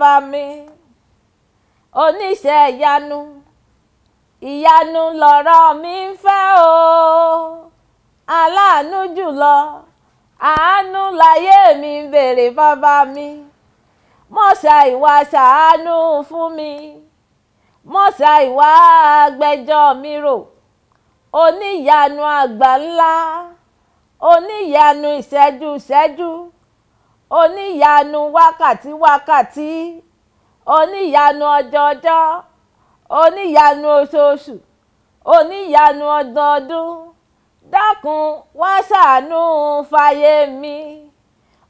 bàbá mi oníṣẹ́ ìyanu ìyanu lọ̀rọ̀ mi ń fẹ́ o aláàánú jùlọ àánú láyé mi ń béèrè bàbá mi mo ṣàìwà ṣàánú fún mi mo ṣàìwà agbẹjọ́ mi rò oníyanu àgbà ńlá oníyanu ìṣẹ́jú ìṣẹ́jú oníyanu wákàtí wákàtí oníyanu ọjọọjọ́ oníyanu oṣooṣù oníyanu ọdọọdún dákun wá ṣàánú fàyè mi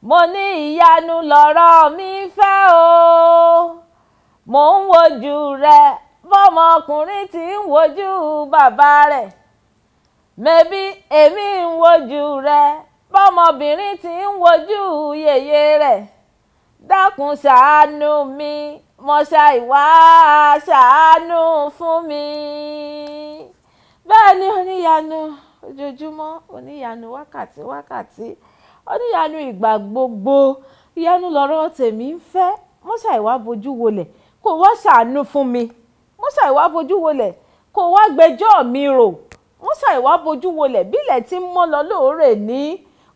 mo ní ìyanu lọ̀rọ̀ mi fẹ́ o mò ń wojú rẹ bọ́mọkùnrin tí ń wojú bàbá rẹ̀ mẹ́bí èmi ń wojú rẹ pọ́mọbìnrin tí ń wojú yèyé rẹ̀ dákun ṣàánú mi mo ṣàìwá ṣàánú fún mi bẹ́ẹ̀ ni oníyanu ojoojúmọ́ oníyanu wákàtí wákàtí oníyanu ìgbà gbogbo ìyanu lọ́rọ̀ tèmi ń fẹ́ mo ṣàìwá bojú wolẹ̀ kó wá ṣàánú fún mi mo ṣàìwá bojú wolẹ̀ kó wá gbẹjọ́ mi rò mo ṣàìwá bojú wolẹ̀ bílẹ̀ tí ń mọ́ lọ lóore ní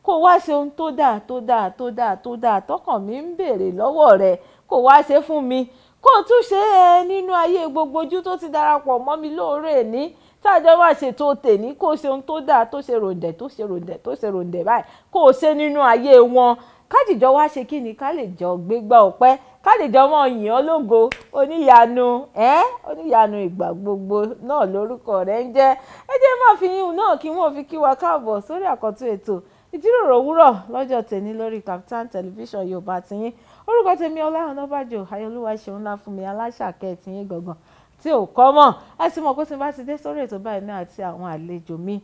kó wá ṣe ohun tó dáa tó dáa tó dáa tó dáa tọkàn mi ń béèrè lọ́wọ́ rẹ̀ kó wá ṣe fún mi kó o tún ṣe é nínú ayé gbogbo ojú tó ti darapọ̀ mọ́ mi lóore ní tájọ wá ṣètò tèmi kó o ṣe ohun tó dáa tó ṣe ròǹdẹ̀ tó ṣe ròǹdẹ̀ tó ṣe ròǹdẹ̀ báyìí kó ṣe nínú ayé wọn kájìjọ wá ṣe kí ni ká lè jọ gbégbá ọpẹ́ ká lè jọ mọ yìn ọ́ lógo oníyanu ẹ oníyanu ìgbà gbogbo náà lórúkọ rẹ̀ ń jẹ́ ẹ jẹ́ máa fi yín náà kí wọ́n fi kí wa káàbọ̀ sórí àkọ́tún ètò ìjíròrò òwúrọ̀ lọ́jọ́ tèmi lórí Kaftan television yorùbá tiyín orúkọ tèmi ọlá ọ̀nàbàjò ayọ̀lúwa ṣeun ńlá fún mi aláṣàkẹ́ tiyín gangan tí ò kọ́ mọ̀ ẹ sì mọ̀ pé tí n bá ti dé sórí ètò báyìí náà àti àwọn àlejò mi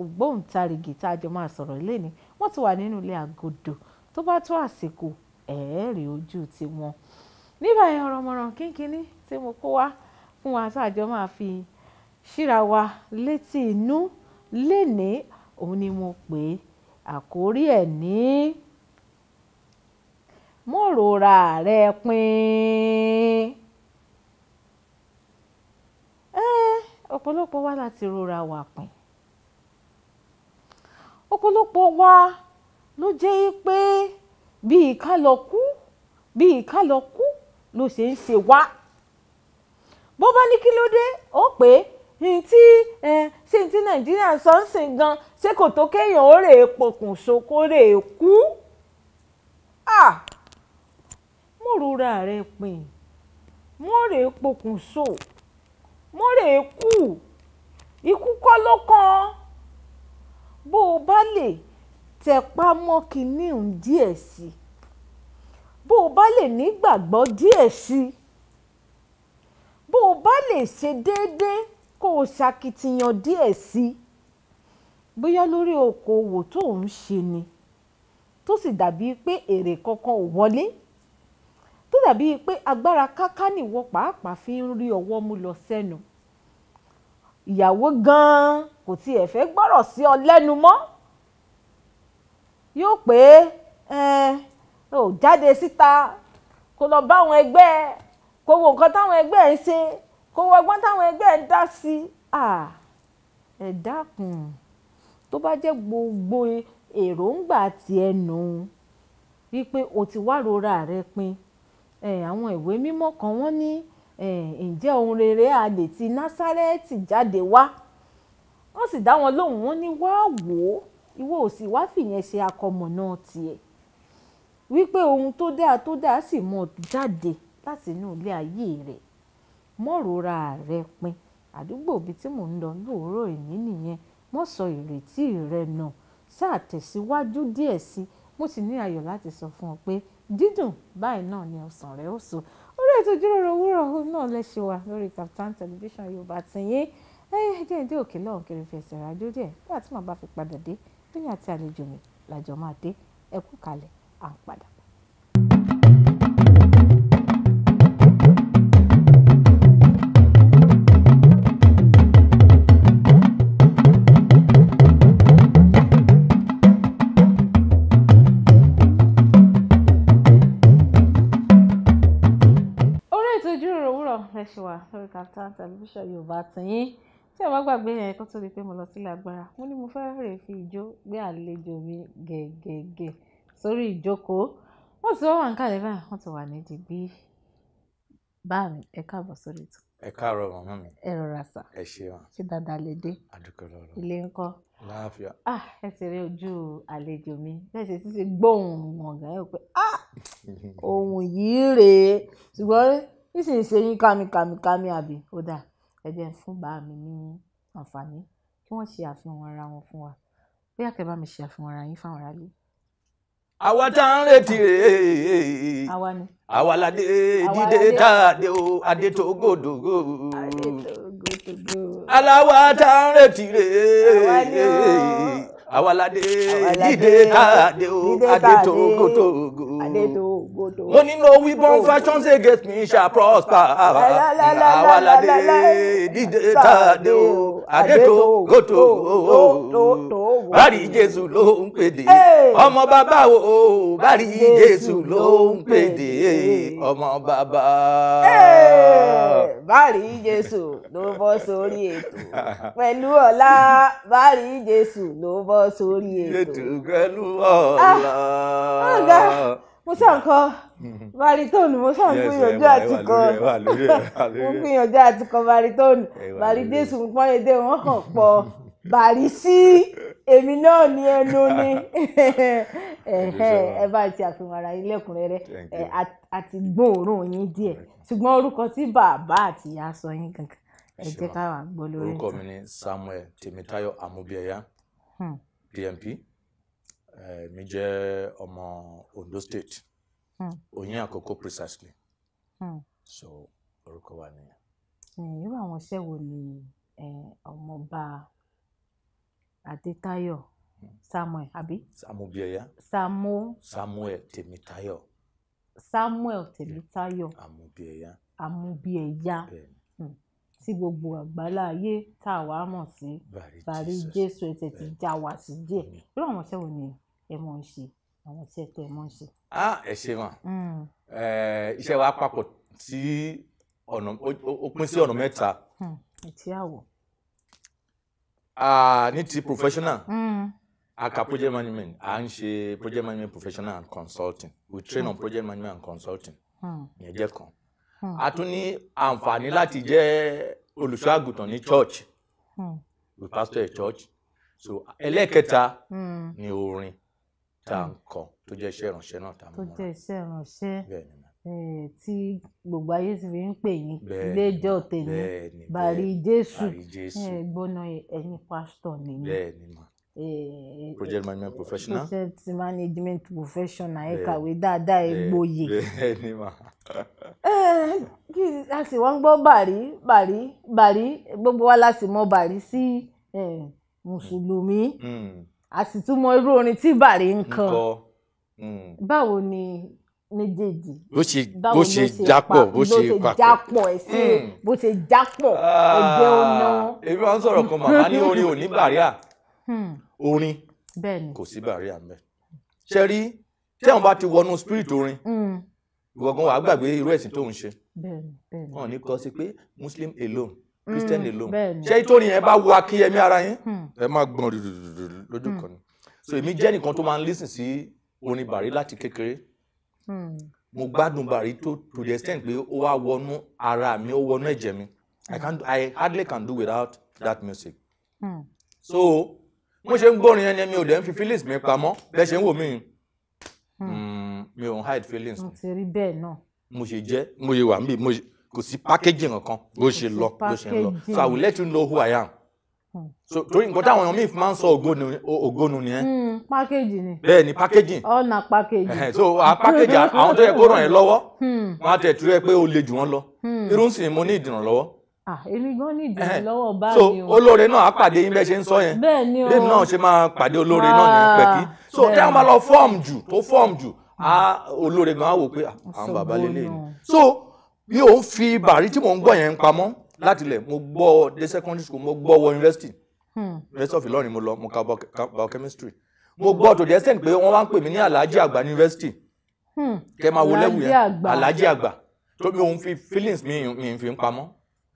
ògbóǹtarìgì tá a jọ máa sọ̀rọ̀ ni, wọ́n ti wà nínú ilé àgọ́dọ̀ tó bá tó àsìkò ẹ̀ẹ́rì ojú tiwọn nígbà yẹn ọ̀rọ̀mọ̀ràn kínkínní tí mo kó wá fún wa tá a jọ máa fi síra wa létí inú lénìí òun ni mo pè é àkórí ẹ̀ ní rora rẹ pin ọ̀pọ̀lọpọ̀ wa láti rora wà pin ọ̀pọ̀lọpọ̀ wa ló jẹ́ pé bíi ká lọ kú bíi ká lọ kú ló ṣe ń ṣe wá bó bá ní kí ló dé ó pé ntí ẹ ṣé ntí nàìjíríà sọ ń sìn gan ṣé kò tó kéèyàn ó rèé pokùnso kó rèé kú mo rora rẹ pin mo rèé pokùnso mo rèé kú ikú kọ́ ló kan bó o bá lè tẹpá mọ́ kìnnìún díẹ̀ sí i bó o bá lè nígbàgbọ́ díẹ̀ sí i bó o bá lè ṣe déédéé kó o ṣàkìtìyàn díẹ̀ sí i bóyá lórí okòwò tó ń ṣe ni tó sì dàbí pé èrè kankan ò wọlé tó dàbí pé agbára káká nìwọ pàápàá fi ń rí ọwọ́ mú lọ sẹ́nu ìyàwó gan-an kò tiẹ̀ fẹ́ gbọ́rọ̀ sí ọ lẹ́nu mọ́ yóò pé ò jáde síta kó lọ bá àwọn ẹgbẹ́ kó wo nǹkan táwọn ẹgbẹ́ ń ṣe kò wọgbọ́n táwọn ẹgbẹ́ ẹ̀ dá sí ẹ̀ dákun tó bá jẹ́ gbogbo èròǹgbà ti ẹnu wípé o ti wá rora rẹ pin àwọn ìwé mímọ́ kan wọ́n ní ǹjẹ́ ohun rere a lè ti násárẹ́ẹ̀tì jáde wá wọ́n sì dá wọn lóhùn wọ́n ní wá wò ó ìwọ ò sì wá fìyẹn ṣe akọmọ̀nà tiẹ̀ wípé ohun tó dáa tó dáa sì mọ̀ jáde láti inú ilé ayé rẹ̀ mọ́rora rẹ pin àdúgbò ibi tí mò ń lọ lóòrọ̀ èní nìyẹn mọ́ sọ ìrètí rẹ nà sáà tẹ̀síwájú díẹ̀ sí i mo sì ní ayọ̀ láti sọ fún ọ pé dídùn báyìí náà ni ọ̀sán rẹ ó so orí ètò ìjíròrò òwúrọ̀ náà lẹ́sẹ̀ wà lórí Kaftan television Yorùbá tìyín ẹ jẹ́ ìdí òkè lọ́hùn kiri fi ẹsẹ̀ rájò díẹ̀ nígbà tí màá bá fi padà dé lẹ́yìn àti àlejò mi làjọ máa dé ẹ kalẹ̀ à ń padà. ṣe wà lórí Kaftan television yorùbá tìyín tí ẹ bá gbàgbé yẹn kó tó di pé mo lọ sílé agbára mo ní mo fẹ́ rè fi ìjó gbé àlejò mi gẹ̀gẹ̀gẹ̀ sórí ìjókòó wọ́n ti wá wà ń kàlẹ́ báyìí wọ́n ti wà ní dìgbì bá mi ẹ káàbọ̀ sórí ètò. ẹ káàárọ̀ màmá mi. ẹ rọra sà. ẹ ṣeun. ṣé dáadáa lè dé. ilé ń kọ́. ah ẹ ti rí ojú àlejò mi bẹ́ẹ̀ ṣe ti ṣe gbóhùn ọ̀gá ẹ̀ pé ah ohun yìí rèé ṣùgbọ́n nísìnyí ṣe yín kámi kámi kámi àbí ó dà ẹ ń fún bàá mi ní àǹfààní kí wọ́n ṣe àfihàn ara wọn fún wa bóyá kẹ́ bá mi ṣe àfihàn ara yín fáwọn aráàlú. àwa tá ń retí rèé àwa ládé dídé tá a dé o adé tó gòdògò aláwa tá ń retí rèé àwa ládé dídé tá a dé o adé tó gòdògò mo ní no weapon fashion say get me shall prosper àwa ládé díje tàdé o àdètò gòtò o bárí jésù ló ń pèdè ọmọ bàbá o bárí jésù ló ń pèdè ọmọ bàbá. bárí jésù ló bọ́ sórí ètò pẹ̀lú ọlá bárí jésù ló bọ́ sórí ètò pẹ̀lú ọlá. Ah! ọ̀gá mo sàn kọ́ kọ baritone mo ṣáà ń gbìyànjú àti kọ mo gbìyànjú àti kọ baritone baridéṣù pọ́nyédé wọn kàn pọ̀ bàrísí èmi náà ní ẹnu ni ẹ bá ti àfihàn ara yín lẹ́kùnrẹ́rẹ́ àti gbóòórùn yín díẹ̀ ṣùgbọ́n orúkọ tí bàbá àti ìyá sọ yín gangan ẹ jẹ́ ká wà gbọ́ lórí orúkọ mi ni Samuel Tèmítáyọ̀ Amóbíẹ̀yá PMP mi jẹ́ ọmọ Ondo State. Hmm. oyin àkọ́kọ́ precisely hmm. so orúkọ wa nìyẹn. irú àwọn iṣẹ́ wo ni ọmọọba adétayọ̀ hmm. samuel àbí. samubiaya. samu. samuel tèmítayọ̀. samuel tèmítayọ̀. amubiaya. amubiaya tí gbogbo àgbálá ayé tá a wàá mọ̀ sí bàrí jésù ẹ̀ tẹ̀ ti já wa sí díẹ̀ irú àwọn iṣẹ́ wo ni ẹ mọ̀ ń ṣe àwọn iṣẹ́ tẹ̀ ẹ mọ̀ ń ṣe. Ah, ah ẹ ṣe wọn mm. iṣẹ́ wa papọ̀ sí ọ̀nà ó pín sí ọ̀nà mẹ́ta. Hmm, ní ti professional mm. aka project management à ń ṣe project management professional and consulting we train on project management and consulting hmm. yẹn jẹ́ kan. Hmm. a tún ní àǹfààní láti jẹ́ olùṣọ́ àgùntàn ní church mm. we pastor a church so ẹlẹ́kẹta mm. ni orin tá à ń kọ tó jẹ́ iṣẹ́ ìránṣẹ́ náà tá a mú mọ́ra tó jẹ́ iṣẹ́ ìránṣẹ́ tí gbogbo ayé sì fi ń pè yín ilé ìjọ bàrí jésù gbóná ẹ̀yin pásítọ̀ nìyí project management professional project management professional ẹ kàwé dáadáa ẹ gboyè kí a sì wọ́n gbọ́ bàrí bàrí bàrí gbogbo wa la sì mọ bàrí sí mùsùlùmí hmm. a sì tún mọ irú orin tí bàrí ń kan. Mm. báwo ni méjèèjì bó ṣe mm. bó ṣe jápọ̀ bó ṣe papọ̀ bó ṣe jápọ̀ ẹgbẹ́ ọ̀nà. Ah, èmi máa ń sọ̀rọ̀ kan màmá ní orin ò ní bàríà hmm. orin kò sí bàríà mẹ́ ṣe rí tí àwọn bá ti wọnú spirit orin hmm. gbọ̀ngàn wàá gbàgbé irú ẹ̀sìn tó ń ṣe wọn ní kọ sí pé muslim alone christian hmm, alone ṣé ìtòrí yẹn bá wo akínyẹmí ara yín ẹ máa gbọ̀n lójú kan ni so èmi jẹ́ nìkan tó máa ń lísìn sí orin bàrí láti kékeré hmm. mo gbádùn bàrí tó to the extent pé ó wá wọnú ara mi ó wọnú ẹ̀jẹ̀ mi i can i hardly can do without that music hmm. so mo ṣe ń gbórin ẹni mi ò dẹ̀ ń fi feelings mi pamọ́ bẹ́ẹ̀ ṣe ń wò mí hmm. mi ò ń hide feelings mi. mo ti rí bẹ́ẹ̀ náà. mo ṣe jẹ́ mo ṣe wà mí kò sí packaging kankan bó ṣe lọ bó ṣe ń lọ so i will let you know who i am. Hmm. so torí nǹkan táwọn èèyàn míì máa ń sọ ògónù nìyẹn. Hmm, pákéjì ni. bẹ́ẹ̀ ni pákéjì. ọ̀nà pákéjì. so pákéjì àwọn tó yẹ kó ràn yín lọ́wọ́ hmm. wọn á tẹ̀ tú ẹ pé ó le jù wọ́n lọ irú sì ni mo ní ìdìrànlọ́wọ́ èmi gan ní ìdílé lọ́wọ́ báyìí o. so olóore náà á pàdé yín bẹ́ẹ̀ ṣe ń sọ yẹn bẹ́ẹ̀ ni o bẹ́ẹ̀ náà ṣe máa pàdé olóore náà ní pẹ̀kí ah, so tí wọ́n bá lọ fọ́ọ̀mù jù tó fọ́ọ̀mù jù á olóore gan á wò pé àwọn bàbá lélẹ̀ ni so bí òun fi bàrí tí mò ń gbọ́ yẹn pamọ́ láti ilẹ̀ mo gbọ́ dé secondary school mo gbọ́ wọ university hmm. university of Ìlọrin mo lọ mo ka biochemistry mo gbọ́ to the extent pé wọ́n wá ń pè mí ní alhaji àgbà university hmm. kẹ́ máa wo lẹ́wù yẹn alhaji àgbà tó mi òun fi feelings mi mi fi ń pamọ́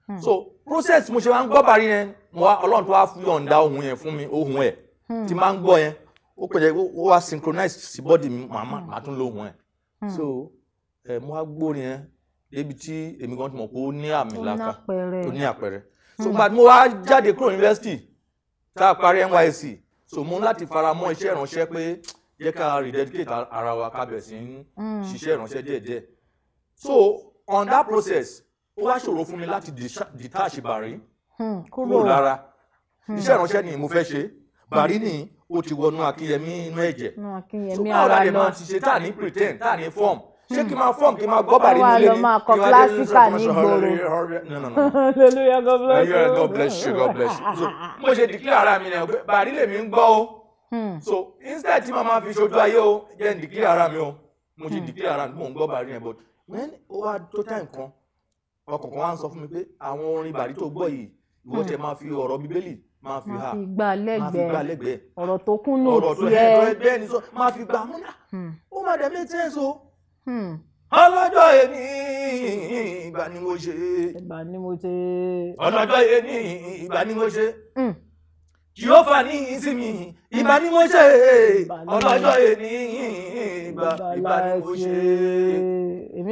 hmm. so process mo ṣe máa ń gbọ́ parí yẹn mo wá ọlọ́run tó wá fún yọ̀ǹda ohun yẹn fún mi ohun ẹ̀ tí máa ń gbọ́ yẹn ó pè é ó wá synchronize sí body mi màá tún lo ohun ẹ̀ so mo wá gbórin yẹn débi tí èmi gan ti mọ̀ pé ó ní àmì làkà ó ní àpẹẹrẹ so hmm. gba tí mo wá jáde kúrò yunifásitì tá a parí NYSC so mo ń láti fara mọ́ iṣẹ́ ìránṣẹ́ pé jẹ́ ká rededicate ara wa ká bẹ̀rẹ̀ sí ń hmm. ṣiṣẹ́ ìránṣẹ́ díẹ̀díẹ̀ so on that process ó wá ṣòro fún mi láti detach bàrí hmm, kúrò lára iṣẹ́ ìránṣẹ́ ni mo fẹ́ ṣe bàrí ni ó ti wọnú Akínyẹmí inú ẹ̀jẹ̀ so báwo la lè máa ti tá à ní pretend tá à ní form ṣé kí n máa fọ́ọ̀n kí n máa gbọ́ bàrí nílé ni kí n máa dé ní sọ́kọ́mọṣọ́ God bless you God bless you so mo ṣe declare ara mi náà pé bàrí lèmi ń gbọ́ o hmm. so instead tí màá máa fi ṣojú ayé o jẹ́ n declare ara mi o mo ṣe hmm. declare ara mi mo ń gbọ́ bàrí yẹn but when ó wá tó time kan ọkàn kan wá ń sọ fún mi pé àwọn orin bàrí tó gbọ́ yìí ìwọ hmm. tẹ máa fi ọ̀rọ̀ bíbélì máa fi ha máa fi gbà lẹ́gbẹ̀ẹ́ ọ̀rọ̀ tó kún ní òtí ẹ ọ̀rọ̀ tó ẹgbẹ́ ni sọ máa fi gbà múnà ah, ó má dẹ̀ make sense o. Hmm. ọlọ́jọ́ ẹni ìgbà ni mo ṣe. ìgbà ni mo ṣe. ọlọ́jọ́ ẹni ìgbà ni mo ṣe. Hmm. jìhófà ní ìsinmi ìgbà ni mo ṣe. ọlọ́jọ́ ẹni ìgbà ìgbà ni mo ṣe.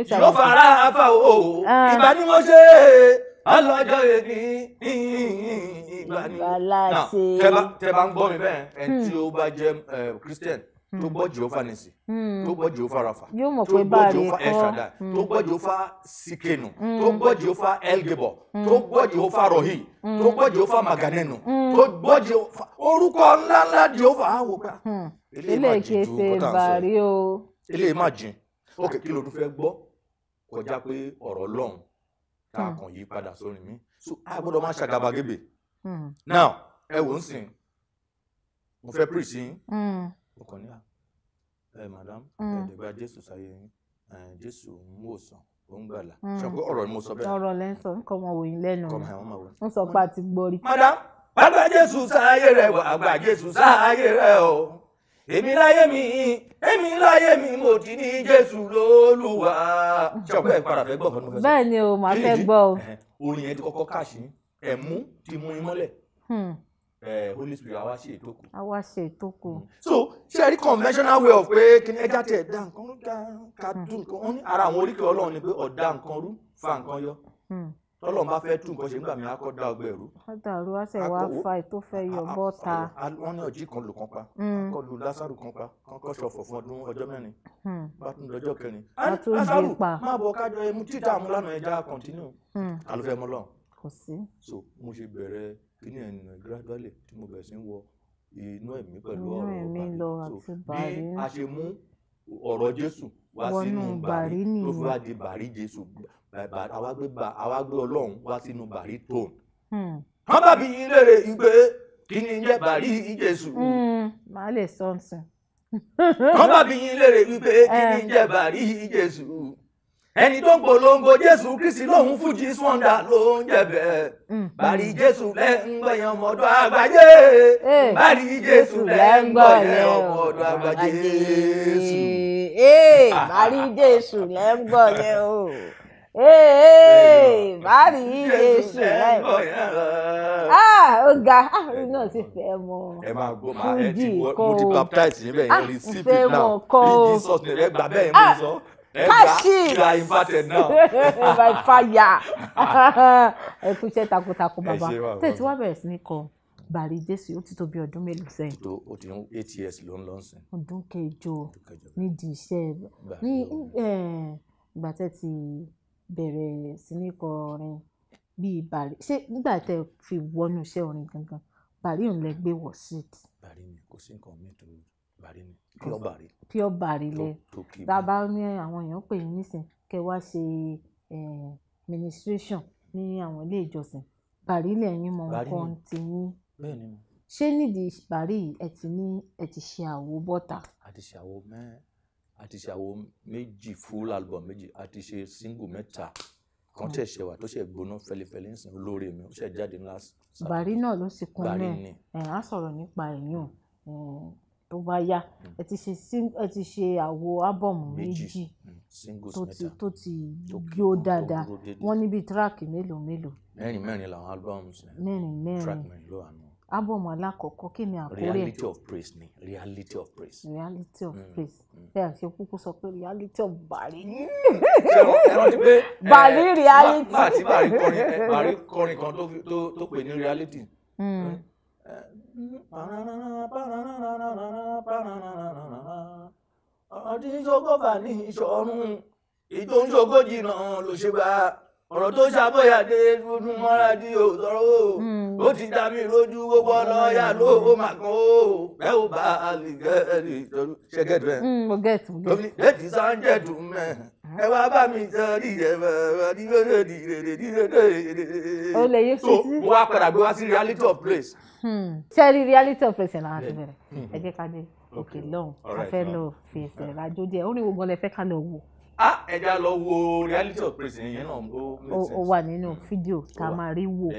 jìhófà rà áfà o ìgbà ọlọ́jọ́ èmi ìgbà tẹ bá ń gbọ́ mi bẹ́ẹ̀ ẹni hmm. tí ó bá jẹ́ eh, christian Hmm. Hmm. tó gbọ́ jehova nisi hmm. tó gbọ́ jehova rafa tó gbọ́ jehova eshada tó gbọ́ jehova sikenu tó gbọ́ jehova elgebo tó gbọ́ jehova rohi tó gbọ́ jehova maganenu tó gbọ́ jehova orúkọ ńláńlá jehova awo ká. eléyìí kì í ṣe o. eléyìí má jìn ok kí ló tún fẹ́ gbọ́ kọjá pé ọ̀rọ̀ ọlọ́run tá a kàn yí padà sórí mi so a gbọ́dọ̀ máa ṣàgàbàgebè now ẹ wò ń sìn mo fẹ́ preach yín mo kàn ní à ẹ madam ẹ mm. dẹ̀ gba jésù sáyé yín jésù ń wòsàn ó ń gbàlà mm. ṣàpọ̀ ọ̀rọ̀ ni mo sọ bẹ́ẹ̀. ọ̀rọ̀ lẹ ń sọ nǹkan ọmọ wòyìn lẹ́nu rẹ̀ ń sọ pé a ti gbọ́ rí. madam bàbá jésù sáyé rẹ wà àgbà jésù sáyé rẹ o èmi láyé mi èmi láyé mi mo ti ní jésù lólùwà. ṣàpọ̀ ẹ̀ padà fẹ́ gbọ́ ọ̀kan ní mo fẹ́ sọ. bẹ́ẹ̀ ni o màá fẹ́ gbọ́ o. orin yẹn ti kọ́kọ́ káàṣì ẹ̀mú ti mú imọ́lẹ̀. Eh, holy spirit àwa ṣe ìtókù. àwa ṣe ìtókù. Mm. so ṣe rí conventional way of pé kí ni ẹja tẹ dá nǹkan rú ká hmm. dùn nǹkan wọn ní ara àwọn oríkèé ọlọ́run ni pé ọ̀dà nǹkan rú fa nǹkan yọ hmm. tọ́lọ̀ bá fẹ́ tún nǹkan ṣe nígbà mi á kọ́ da ọgbẹ́ rú. ọ̀dà rú á sẹ̀ wá fa ètò fẹ́ yọ bọ́ta. wọ́n ní ọ̀jí kan lù kan pa hmm. kọ́ lu lásàrù kan pa kọ́ kọ́ ṣọ̀fọ̀ fún ọdún ọjọ́ mẹ́rin bá tún lọ́jọ́ kẹrin. lásàrù e máa bọ̀ kájọ ẹmu títà mú lánàá ẹja continue. alùpùpù ẹ̀ mọ́ lọ. kò sí. so mo ṣe bẹ̀rẹ̀ kíní ẹ̀ nà gradually tí mo bẹ̀rẹ̀ sí ń wọ inú ẹ̀mí pẹ̀lú ọ̀rọ̀ bàrí so bí a ṣe mú ọ̀rọ̀ Jésù wá sínú bàrí ló fi wá di bàrí Jésù àwa gbé Ọlọ́run wá sínú bàrí tóun. wọ́n bá bí yín léèrè ìgbé kíní jẹ́ bàrí Jésù. Hmm, màá lè sọ ọ́n sìn. wọ́n bá bí yín léèrè ìgbé kíní eh. jẹ́ bàrí Jésù ẹni tó ń polongo jésù kristi lòun fújì sọ́ńdà ló ń jẹ̀bẹ̀. Mm. bàrí jésù lẹ́ ń gbọ́ yẹn ọmọdún àgbáyé. Eh. bàrí jésù lẹ́ ń gbọ́ yẹn ọmọdún àgbáyé. bàrí eh. jésù lẹ́ ń gbọ́ yẹn o. Eh. bàrí jésù lẹ́ ń gbọ́ yẹn o. ó ga àárín ah, náà ti fẹ́ mọ. ẹ máa gbọ́ máa ẹ ti mo ti baptize yín bẹ́ẹ̀ yẹn ah, receive it now bí jesus nìyẹn gbà bẹ́ẹ̀ mú ah, sọ cash it you are inverted now by fire ẹ kú iṣẹ́ takuntakun bàbá tètè wá bẹ̀rẹ̀ sí ní kọ bàrí jésù ó ti tó bí ọdún mélòó sẹ́yìn. tó o ti ń eight years ló ń lọ sìn. ọdún kẹjọ nídìí iṣẹ́ ní ìgbà tẹ́ ti bẹ̀rẹ̀ sí ní kọ orin bíi bàrí ṣé nígbà tẹ́ fi wọnú iṣẹ́ orin gangan bàrí òun lẹ gbé wọ sí. bàrí mi kò sí nǹkan mi tó kí ọba rí kí ọba rí lẹ bàbá ní àwọn èèyàn pè yín nísìn kẹ wá ṣe ministration ni àwọn ilé ìjọsìn bàrí lẹ́yìn mọ nǹkan ti yín ṣé nídìí bàrí ẹ ti ní ẹ ti ṣe àwo bọ́tà. a ti ṣe àwo mẹ́ a ti ṣe àwo méjì full album méjì a ti single mẹ́ta kan hmm. tẹ̀ ṣe wà tó ṣe gbóná fẹlifẹli nsìn olóore mi ó ṣe jáde ńlá. bàrí náà ló sì kún náà ẹ̀ á sọ̀rọ̀ nípa ẹ̀yàn tó bá yá mm. ẹ ti ṣe ẹ ti ṣe àwo ábọ̀mù méjì mm. tó ti yó dáadáa wọ́n níbi tíráàkì mélòó mélòó. mẹ́rin mẹ́rin làwọn albums mẹ́rin mẹ́rin tíráàkì mẹ́rin ló àná. ábọ̀mù alákọ̀ọ́kọ́ kí ni àkórè. reality of praise ni reality of praise. reality of mm, praise bẹ́ẹ̀ àṣẹ kúkú sọ pé reality of bàrí. bàrí eh, reality. máa ti bàrí eh, kọrin kan tó pè ní reality. Hmm ọ̀rọ̀ tí ń ṣogó bà ní tó ṣàbọ̀yàdé tuntun mọ́ra di òtọ́rọ́ hmm. ó ti dá mi lójú gbogbo lọ́ọ̀yà ló ó mà kàn ó bẹ́ẹ̀ ó bá a lè gẹ́ẹ̀rì ìtọ́jú ṣẹ́gẹ́dùn ẹ̀ lómi lẹ́tì ẹ wá bá mi sọ díjẹ bàbá dídòdò dídòdò dídòdò. o lè yé sí sí. mo wá padà gbé wá sí reality of place. sẹ́ẹ̀rì hmm. reality of place ẹ̀ náà ti bẹ̀rẹ̀ hmm, hmm. ẹ jẹ́ ká dé òkè lọ́hùn a fẹ́ lọ fi ẹsẹ̀ lájó díẹ̀ ó ní gbogbo ọ̀lẹ́ fẹ́ ká lọ wò. a ẹ já lọ wo reality of place yẹn náà ó make sense. ó wà nínú fídíò tá a máa rí wò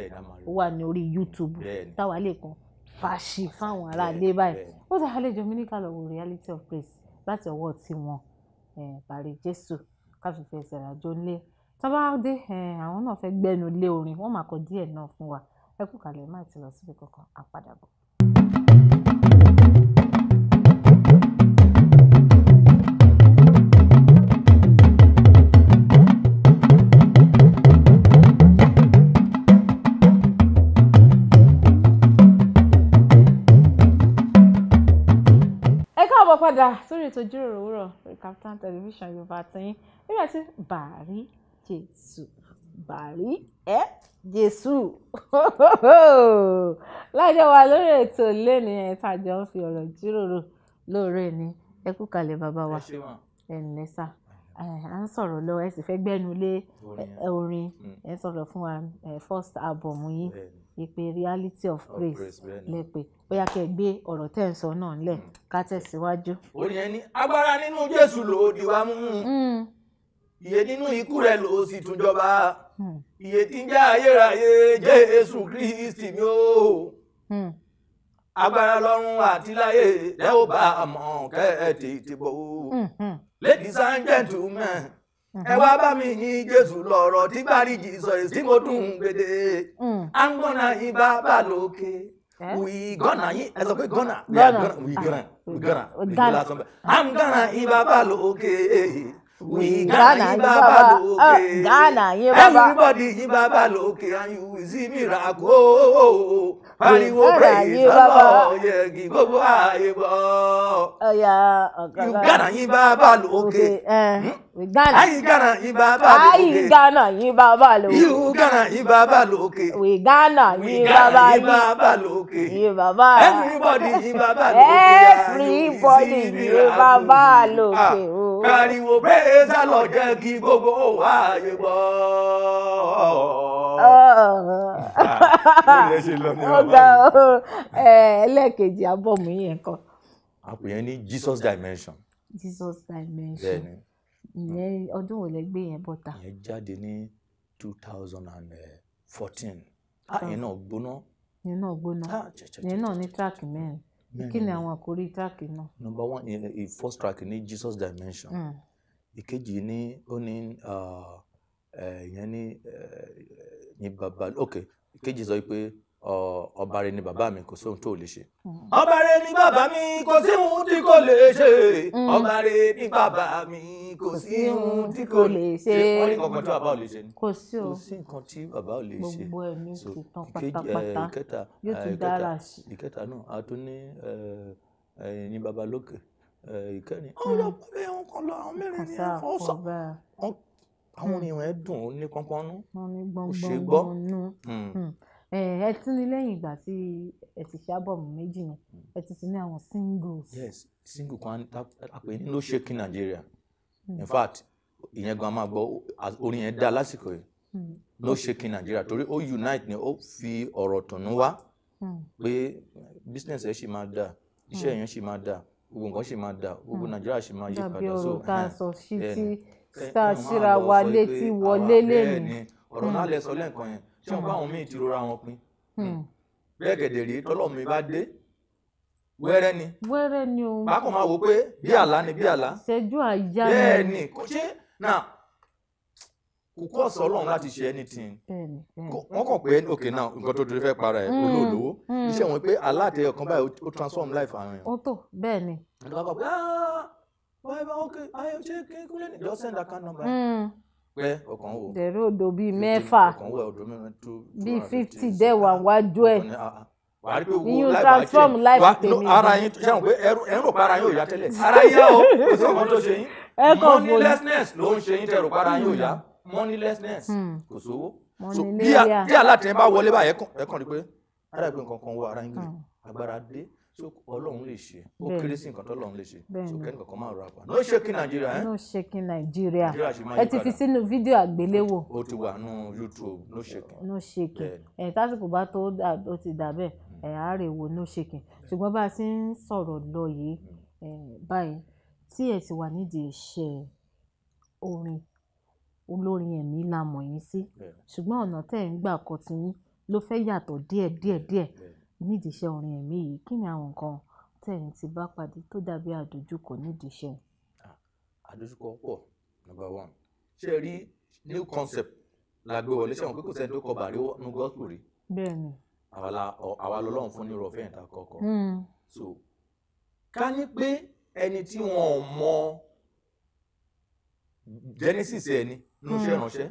ó wà ní orí YouTube táwa lè kàn fàṣì fáwọn ará ilé báyìí ó sì àlejò mi ní ká lọ wo reality of place láti ọwọ́ tiwọn eh, Bàrí Jésù ká sì fi ẹsẹ̀ rajò lé tó bá dé àwọn náà fẹ́ gbẹ́nu lé orin wọ́n máa kọ díẹ̀ náà fún wa ẹ kú kalẹ̀ má ti lọ síbi kankan àpadàbọ̀. padà sórí ètò ìjíròrò òwúrọ̀ lórí television yorùbá tiyín nígbà tí bàárí jésù bàárí ẹ jésù lájọ wa lórí ètò lẹ́ni ẹ̀ tá a jọ ń fi ọ̀rọ̀ jíròrò lóore ni ẹ kú kalẹ̀ bàbá wa ẹ̀ ǹlẹ́ sà à ń sọ̀rọ̀ lọ ẹ sì fẹ́ gbẹ́nu lé orin hmm. ẹ sọ̀rọ̀ fún wa first album yín ìpè reality of praise lẹ́pẹ́ bóyá kẹ́ gbé ọ̀rọ̀ tẹ̀ ń sọ náà ńlẹ̀ mm. ká tẹ̀síwájú. ó yẹn ní agbára nínú jésù ló di wá mú mm. iye nínú ikú rẹ̀ ló sì tún jọba mm. iye tí ń jẹ́ ayérayé jésù kristi mi ó agbára lọ́run àti láyé lẹ́ bá a mọ̀ kẹ́ ẹ̀ tètè bọ̀ ó mm-hmm. ladies and gentlemen ẹ wá bá mi yin jésù lọ́rọ̀ tí gbàríjì sọ èsì mo dùn gbèdè mm. à ń bá bá lókè wì gọ́nà yín ẹ sọ pé gọ́nà wì gọ́nà wì gọ́nà wì gọ́nà à ń gọ́nà yín bá bá lókè we Ghana yín bàbá lókè Ghana yín bàbá everybody yín bàbá lókè and you see miracle pariwo praise lọ́lọ́ yẹgi gbogbo ààyè bọ̀. Ghana yín bàbá lókè ayi Ghana yín bàbá lókè ayi Ghana yín bàbá lókè you Ghana yín bàbá lókè we Ghana yín bàbá lókè yín bàbá everybody yín bàbá lókè ah, everybody yín bàbá ah, lókè. káriwo ee sá lọ jẹ́ kí gbogbo ààyè gbọ́. Ah. Ah, eh, ẹlẹ́ẹ̀kejì abọ́mù yẹn kan. àpò yẹn ní Jesus dimension. Jesus dimension ìyẹn ọdún wo lẹ gbé yẹn bọ́ta. ìyẹn jáde ní 2014 ah, thousand ìyẹn náà gbóná. ìyẹn náà gbóná ìyẹn náà ní tíráàkì mẹ́rin. kí ni àwọn àkórí tíráàkì náà. number one in first track ni Jesus dimension mm. ìkejì ní ó ní ah, eh, ìyẹn ní ní baba ok ìkejì sọ pé ọba rẹ ni bàbá mi kò sóhun tó lè ṣe. Hmm. ọba rẹ ni bàbá mi kò sí tí kò lè ṣe. Hmm. ọba ni bàbá mi kò sí tí kò lè ṣe. wọ́n ní kankan tí bàbá ò lè ṣe kò sí o kò sí nǹkan tí bàbá ò lè ṣe. gbogbo ẹ̀mí ti tán pátápátá eh, yóò tún eh, dára sí. ìkẹta náà a tún ní eh, ní bàbá lókè ìkẹrin. ó lọ pẹ́ òun kan lọ àwọn mẹ́rin ni ó sọ àwọn hmm. ènìyàn ẹ̀ dùn ó ní pọ́npọ́nú ó ṣe gbọ́. ẹ tún ní lẹ́yìn ìgbà tí ẹ ti ṣe ábọ̀mù méjì yẹn ẹ ti ti singles. yes single kan àpè ní ló ṣèkì hmm. in fact ìyẹn gan máa orin yẹn dá lásìkò yìí ló ṣèkì nàìjíríà torí unite ni ó fi ọ̀rọ̀ tùnú wá hmm. pé business ẹ ṣì máa dà iṣẹ́ hmm. yẹn ṣì máa dà gbogbo nǹkan ṣì máa dà gbogbo nàìjíríà ṣì máa yí padà so sọ tí wọ́n bá àwọn míì ti rora wọn pin hmm. bẹ́ẹ̀ gẹ̀dẹ̀ rèé tọ́lọ́mù mi bá dé wẹ́rẹ́ ni wẹ́rẹ́ ni o bákan máa wò pé bí àlá ni bí àlá ṣẹ́jú àyà ni bẹ́ẹ̀ ni kò ṣe na kò kọ́ ọ̀sọ́ ọlọ́run láti ṣe anything wọ́n kàn pé òkè náà nǹkan tó dúró fẹ́ para ẹ̀ hmm. olóòlówó hmm. iṣẹ́ wọn pé aláàtẹ ọ̀kan báyìí ó transform life àwọn èèyàn. ó tó bẹ́ẹ̀ ni. ìjọba kan pé ah báyìí báyìí ok ayé ṣe kí n kúlẹ̀ ní just send account number pẹ́ ọkàn wò. dèrò odò bíi mẹ́fà bíi fifty dẹ́wà wájú ẹ̀ ah, ah, wàá rí pé wo life transform life tèmi ara yín ṣe àwọn pé ẹrù pa yín ò yá tẹ́lẹ̀ ara yín yá o kò sí ọkàn tó ṣe yín moneylessness ló ń ṣe yín tẹ̀rù pa yín ò yá hmm. moneylessness hmm. kò sówó so bí alátẹ̀yìn bá wọlé báyìí ẹ̀kàn rí pé ara yín pé nǹkan ara yín gbé agbára dé so ọlọ́run lè ṣe ó kéré sí nǹkan tó ọlọ́run lè ṣe so kẹ́nìkan kan máa rọ àpá no shaking Nigeria eh? no shaking Nigeria ẹ ti fi sínú fídíò àgbéléwò ó ti wà nù YouTube no shaking no shaking ẹ tásìkò bá tó ó ti dà bẹ́ẹ̀ hmm. ẹ á rè wo no shaking ṣùgbọ́n bá a ti ń sọ̀rọ̀ lọ yìí hmm. báyìí tí ẹ ti wà nídìí iṣẹ́ orin olórin ẹ̀mí la mọ̀ yín sí ṣùgbọ́n ọ̀nà tẹ́ ń gbà kọ́ ti yín ló fẹ́ yàtọ̀ díẹ̀ nídìí iṣẹ́ orin ẹ̀mí yìí kí ni àwọn nǹkan tẹ̀yin ti bá pàdé tó dàbí àdójúkọ nídìí iṣẹ́? àdójúkọ pọ̀ number one ṣe rí new concept la gbé wọlé ṣé àwọn pé kò sẹ́ni tó kọ bàrí nu gospel rí. bẹ́ẹ̀ni. àwa lọ́lọ́run fún ní rọ̀fẹ́ ìta kọ̀ọ̀kan. Hmm. so ká ní pé ẹni tí wọn ò mọ genesis ẹni nínú iṣẹ́ hmm. ìránṣẹ́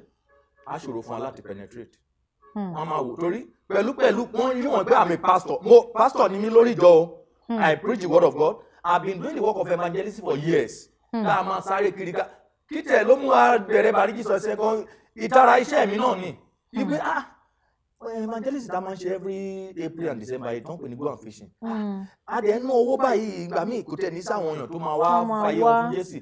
á ṣòro fún wa láti penetrate. wọ́n hmm. máa wò torí pẹ̀lú pẹ̀lú wọ́n rí wọn pé i'm a pastor mo pastor ni mí lórí ìjọ o hmm. i preach the word of God i've been doing the work of evangelism for years tá hmm. a máa sáré kiri ká kítẹ̀ ló mú abẹ̀rẹ̀ Bàríjì sọ ẹsẹ̀ kan ìtara iṣẹ́ mi náà ni ibi hmm. ah evangelist ta máa ń ṣe every April and December ìtàn pè ní go and fishing ah, a dẹ̀ ń ná owó báyìí ìgbà míì kò tẹ̀ ní sáwọn èèyàn tó máa wá fàyè ọ̀fun Jésù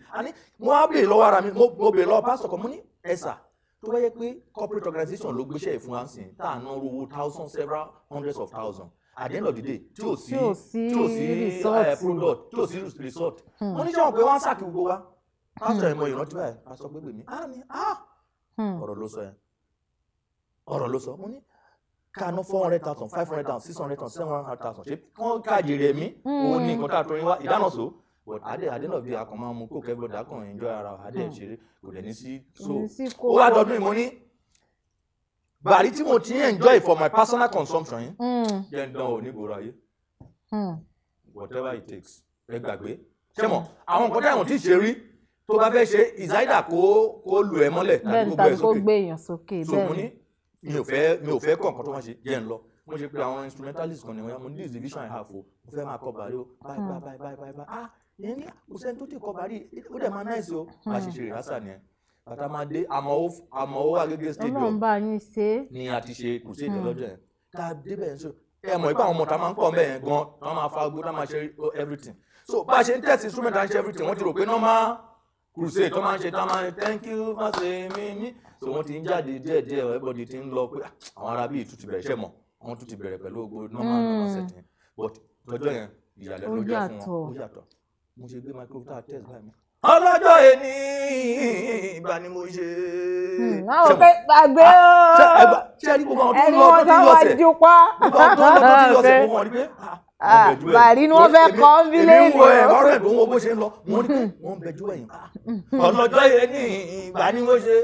mo á bèè lọ́wọ́ ara mi mo bèè lọ́wọ́ pásítọ̀ kan mo ní ẹ̀sà tó bá yẹ pé corporate organization ló gbéṣẹ́ ìfúnwánsìn tá à ń ná owó thousands several hundreds of thousands at the end of the day tí ò sí tí ò sí eh, product tí ò sí resort hmm. wọ́n ní sọ́wọ́n pé wọ́n á sàkí gbogbo wa pásítọ̀ ìmọ̀ ìrántí báyìí pásítọ̀ gbégbé mi á ní á hmm. ọ̀rọ̀ ló sọ yẹn ọ̀rọ̀ ló sọ mo ní kaná four hundred thousand five hundred thousand six hundred thousand seven hundred thousand ṣé kí wọ́n káàdì rẹ̀ mí hmm. òun ní nǹkan tá a torí wá ìdáná so but adé adé náà bí akọ̀ máa mú kó kẹ́gbọ́n dákàn enjoy ara adé ṣeré kò dẹ̀ ní sí so ó wá dọdún ìmú ní bàrí tí mo ti ń enjoy for my personal consumption Then dandan ò ní gbòòrò ayé hmm. whatever it takes ẹ gbàgbé ṣé mọ̀ àwọn nǹkan táwọn ti ṣe rí tó bá fẹ́ ṣe ìzáìdà kó kó lu ẹ mọ́lẹ̀ tàbí kó gbé èèyàn sókè bẹ́ẹ̀ so mo ní mi ò fẹ́ mi ò fẹ́ kọ̀ọ̀kan tó wọ́n ṣe jẹ́ ń lọ mo ṣe pé àwọn instrumentalist kan ni wọ́n yá mo ní this division i have o mo fẹ́ máa kọ bàrí o bye bye bye bye bye ah yẹn ní kò sẹ́ni tó ti kọ bàárì ó dẹ̀ máa náìsì o máa ṣe ṣe bàtà máa dé àmọ́ ó stadium ni a ti ṣe kò sí hmm. yẹn tá a débẹ̀ ń sọ ẹ mọ̀ ipá àwọn ọmọ tá máa ń kọ́ bẹ́ẹ̀ gan tá máa fa agbó tá a máa ṣe everything so bá a ṣe ń test instrument à ṣe everything wọ́n ti rò pé normal crusade tó máa ń ṣe tá a máa ń thank you fásitì mi ní so wọ́n ti ń jáde díẹ̀ everybody ti ń lọ pé ah, àwọn ará bíi ìtútù bẹ̀rẹ̀ ṣẹ̀ mọ̀ wọ́n tún ti bẹ̀rẹ̀ pẹ̀lú ogbó normal hmm. normal setting but tọjọ́ yẹn ìyàlẹ́nu jẹ́ fún wọn ó yàtọ̀ mo ṣe gbé microbiota test báyìí mi ọlọ́jọ́ ẹni ìgbà ni mo ṣe. àwọn hmm, pé gbàgbé ooo ṣẹ́ni gbogbo àwọn tó ń lọ tó ti yọ ọ̀sẹ̀ gbogbo àwọn tó ń lọ tó ti yọ ọ̀sẹ̀ gbogbo wọn rí pé ah, ah, bàrí ni wọ́n fẹ́ kọ́ ń bí léèrè. èmi wo ẹ̀ ọ̀rọ̀ ẹ̀dùn wo bó ṣe ń lọ wọ́n rí pé wọ́n hmm. ń bẹjú ẹ̀yìn ah, hmm. ọlọ́jọ́ ẹni ìgbà ni mo ṣe.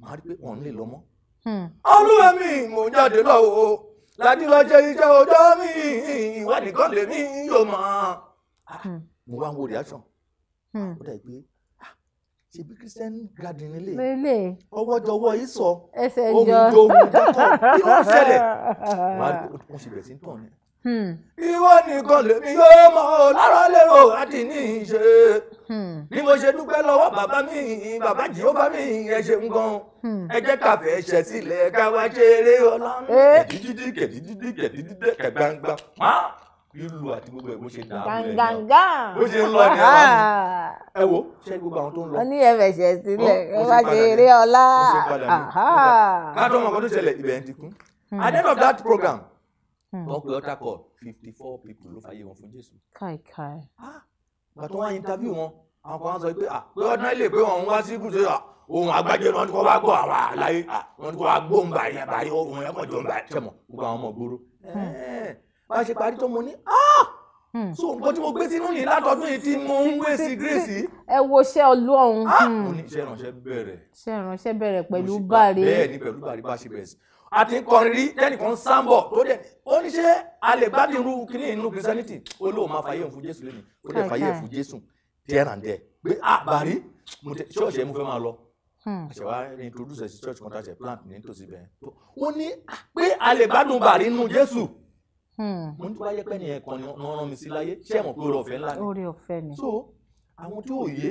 màá rí pé wọ́n ń lè lọ mọ́. olúwa mi mo ń jáde lọ́wọ́ láti lọ ṣe iṣẹ́ ọjọ́ mi ìwádìí kan lèmi yóò mọ̀ mo wá ń wo reaction hmm. ó dà pé ah, ṣe bí christian garden nílé ọwọ́ jọwọ́ yìí sọ ohun jọ ohun jọtọ̀ kí ló ń ṣẹlẹ̀ wọ́n ṣe bẹ̀rẹ̀ sí ń ni. Hmm. ìwọ nìkan lèmi yóò mọ lára lérò àti ní ìṣe ni hmm. mo ṣe dúpẹ́ lọ́wọ́ bàbá mi bàbá jìhóbá mi ẹ ṣeun gan ẹ jẹ́ kàfẹ́ ṣẹ̀ sílẹ̀ ká wá ṣeré ọlọ́run eh. kẹ̀dídídí kẹ̀dídídí kẹ̀dídídí kẹ̀gbangba ìlú àti gbogbo ẹ̀ bó ṣe dààmú ẹ̀ náà bó ṣe ń lọ ní ẹ̀ ah. ẹ wo ṣe gbogbo àwọn tó ń lọ. wọ́n ní ẹ̀fẹ̀ṣẹ̀ sílẹ̀ ẹ wá ṣe eré ọlá. ká tó mọ̀ kó tó ṣẹlẹ̀ ibẹ̀ ń ti kún. Hmm. at the end of that program hmm. wọ́n pe ọ̀tá kọ̀ fifty four people ló fàyè wọn fún Jésù. káìkáì. Ah, gbàtọ́ wọn interview wọn àwọn kan sọ pé à ah, pé ọdún ilé pé wọn ń wá sí gúúsù ohun agbájé wọn ni kò wá gbọ́ àwọn àlàyé wọn ni kò wá gbóhùn báyìí báyìí ohun ẹ̀kọ́ bá a ṣe parí tó mo ní ah! hmm. so nǹkan tí mo gbé sínú yìí látọdún yìí tí mo ń wé sí grace. ẹ wo iṣẹ́ ọlọ́run. Ah! mo hmm. ní iṣẹ́ ìránṣẹ́ bẹ̀rẹ̀. iṣẹ́ ìránṣẹ́ bẹ̀rẹ̀ pẹ̀lú bàrẹ̀. ni pẹ̀lú bàrẹ̀ bá ṣe bẹ̀rẹ̀ sí. a ti ń kọrin rí tẹnìkan sáńbọ̀ tó dẹ̀ ó ní ṣe alẹ́ gbádùn irú kíní inú christianity ó lóun máa fàyè fún jésù lónìí ó dẹ̀ fàyè fún jésù there pé ah bàrí ṣọ́ọ̀ṣì ẹ̀ mo fẹ́ máa lọ àṣẹwà hmm. introduce ẹ sí church kan tá plant ní tòsí bẹ́ẹ̀. ó ní pé a lè Hmm. mo ní tó bá yẹ pé nìyẹn kan ni wọ́n rán mi sí láyé ṣé ẹ mọ̀ pé oore ọ̀fẹ́ ńlá ni. oore ọ̀fẹ́ ni. so àwọn tí ò yé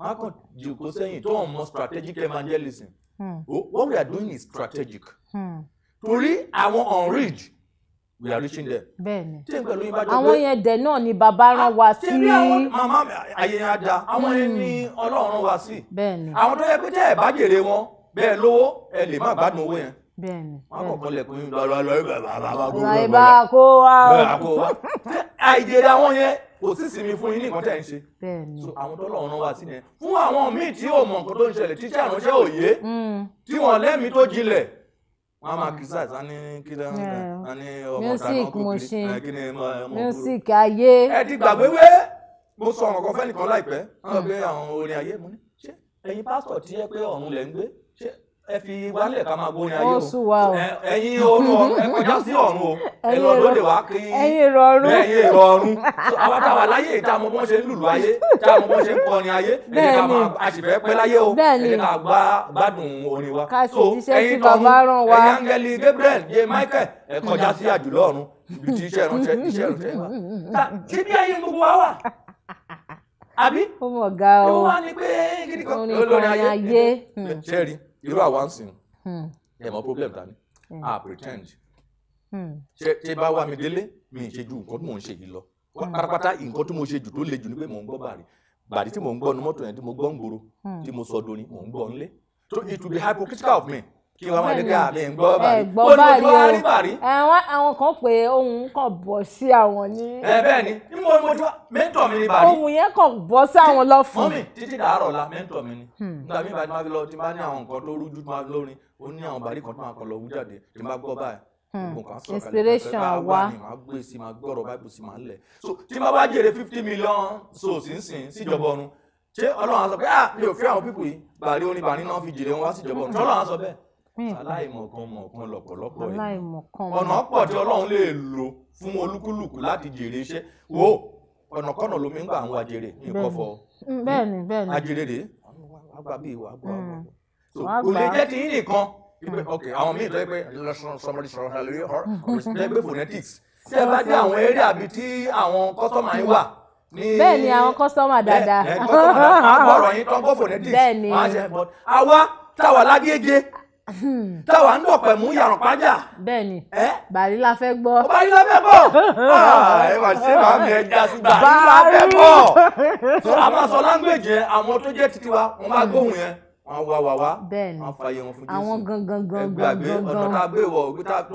wọn á sẹ́yìn tó hàn mọ́ strategic evangelism hmm. Oh, what we are doing is strategic hmm. torí àwọn unreached we are reaching there. bẹ́ẹ̀ni àwọn yẹn dẹ náà ni bàbá rán wa ah, sí. tẹ̀lé àwọn màmá ayé yẹn á da àwọn yẹn ni hmm. ọlọ́run rán wa sí. bẹ́ẹ̀ni àwọn tó yẹ pé tẹ́ ẹ̀ bá jèrè wọn bẹ́ẹ̀ lówó ẹ lè má gbádùn owó yẹn bẹ́ẹ̀ni wọn kọ́kọ́ lẹ̀kùn yín lọrọ lọrí bàbá bàbá gbogbo ẹ bá kó wa o bẹ́ẹ̀ kó wa àìjẹdà wọn yẹn kò sí sinmi fún yín ní nǹkan tẹ̀ ń ṣe so àwọn tó lọ́wọ́ wá sí yẹn fún àwọn míì tí yóò mọ nǹkan tó ń ṣẹlẹ̀ tí sàránṣẹ́ òye mm. tí wọ́n lẹ́mìí tó jinlẹ̀ wọn máa kí sáà sani kílẹ̀ ní ọmọ ọ̀tá náà kò kiri kí ni mo kúrò music ayé ẹ ti gbàgbé wé mo sọ ọ̀rọ̀ kan fẹ́nìkan láìpẹ́ wọn gbé àwọn orin ayé mo ní ṣé ẹ̀yin pásítọ̀ tí ẹ pé ọ̀run lẹ̀ ń gbé ṣé ẹ fi wálẹ̀ ká máa gbóni ayé o ẹ̀yin oorun ẹ kọjá sí ọ̀run o ẹ lọ lóde wá kí ẹ̀yin ìrọ̀rùn ẹ̀yin ìrọ̀rùn àwa tá a láyé tá a bọ́n ṣe ń lùlù ayé tá a bọ́n ṣe ń kọrin ayé ẹ̀yin ká máa àṣìfẹ́ pẹ́ láyé o ẹ̀yin ká gbá gbádùn orin wa so ẹ̀yin ọ̀run ẹ̀yin angeli Gabriel yé Michael ẹ kọjá sí àjùlọ ọ̀run ibi tí iṣẹ́ ìrànṣẹ́ iṣẹ́ ìrànṣẹ́ wa tí bí ayé gbogbo wa wà àbí ó mọ̀ ga o ó wà ní pé kíni kan olórin ayé ṣẹ́ẹ̀rì irú àwa ń sìn hmm. ẹ mọ problem ta ni hmm. a ah, pretend hmm. ṣe bá wá mi délé mi ṣe ju nǹkan tí mò ń ṣe yìí lọ pátápátá nǹkan tí mo ṣe jù tó le jù ni pé mò ń gbọ́ bàrí bàrí tí mò ń gbọ́ nu mọ́tò yẹn tí mo gbọ́ ń gbòòrò tí mo sọ dorin mò ń gbọ́ ńlé so it will be hypocritical of me kí wọ́n máa ní àmì ìgbọ́ bàrí ó ní ojú wa rí bàrí. àwọn kan pé ohun kan bọ̀ sí àwọn ní. ẹ bẹ́ẹ̀ ni ní mo mojú wa mẹ́ńtọ̀ mi ni bàrí. ohun yẹn kàn bọ́ sí àwọn lọ́fun. mọ́mì títí dàárọ̀ la mẹ́ńtọ̀ mi ni. Hmm. nígbà mi ìbàdí máa fi lọ tí bá ní àwọn nǹkan tó rújú máa lórin ó ní àwọn bàrí kan tó máa kọ lọ wú jáde tí n bá gbọ́ báyìí hmm. inspiration wa máa gbé sí máa gbọ́rọ̀ báìbù sí máa lẹ̀ so tí máa bá jèrè fifty million so sínsìn síjọba ọ̀run ṣé ọlọ́run á sọ pé ah mi ò fẹ́ àwọn pípò yìí bàrí orin bàrí náà fi jèrè wọn wá síjọba ọ̀run ṣé á sọ bẹ́ẹ̀ Hmm. aláìmọ̀kan mọ̀kan lọ̀pọ̀lọpọ̀ yìí ọ̀nà pọ̀ tí ọlọ́run lè lò fún olúkúlùkù láti jèrè iṣẹ́ wo ọ̀nà kọ́nà lómi ń gbà àwọn àjèrè ní ìkọ́fọ́ bẹ́ẹ̀ni hmm, bẹ́ẹ̀ni àjèrè hmm, rèé àgbà bíi ìwà àgbà àgbà kò lè jẹ́ ti yín nìkan ok àwọn míì tó yẹ pé sọmọdé sọ̀rọ̀ hàlùyé ọ̀rọ̀ tó yẹ pé phonetics tí ẹ bá dé àwọn eré àbí tí àwọn kọ́tọ́mà yín wà bẹ́ẹ̀ ni àwọn kọ́sọ́mà dáadáa. kọ́sọ́mà dáadáa máa gbọ́rọ̀ yín tán gbọ́ phonetics. bẹ́ẹ̀ ni àwa táwa lágége Hmm. táwa ń dọ̀pẹ̀ mú yàrá pàjá. bẹ́ẹ̀ni bàrí la fẹ́ gbọ́. bàrí la fẹ́ gbọ́ ah, ẹ wà ẹja sí bàrí la a àwọn tó jẹ́ titiwa wá wá wá wọ́n fààyè wọn àwọn gangan gbàgbé ọ̀nà tá a gbé wọ ògbé tá tó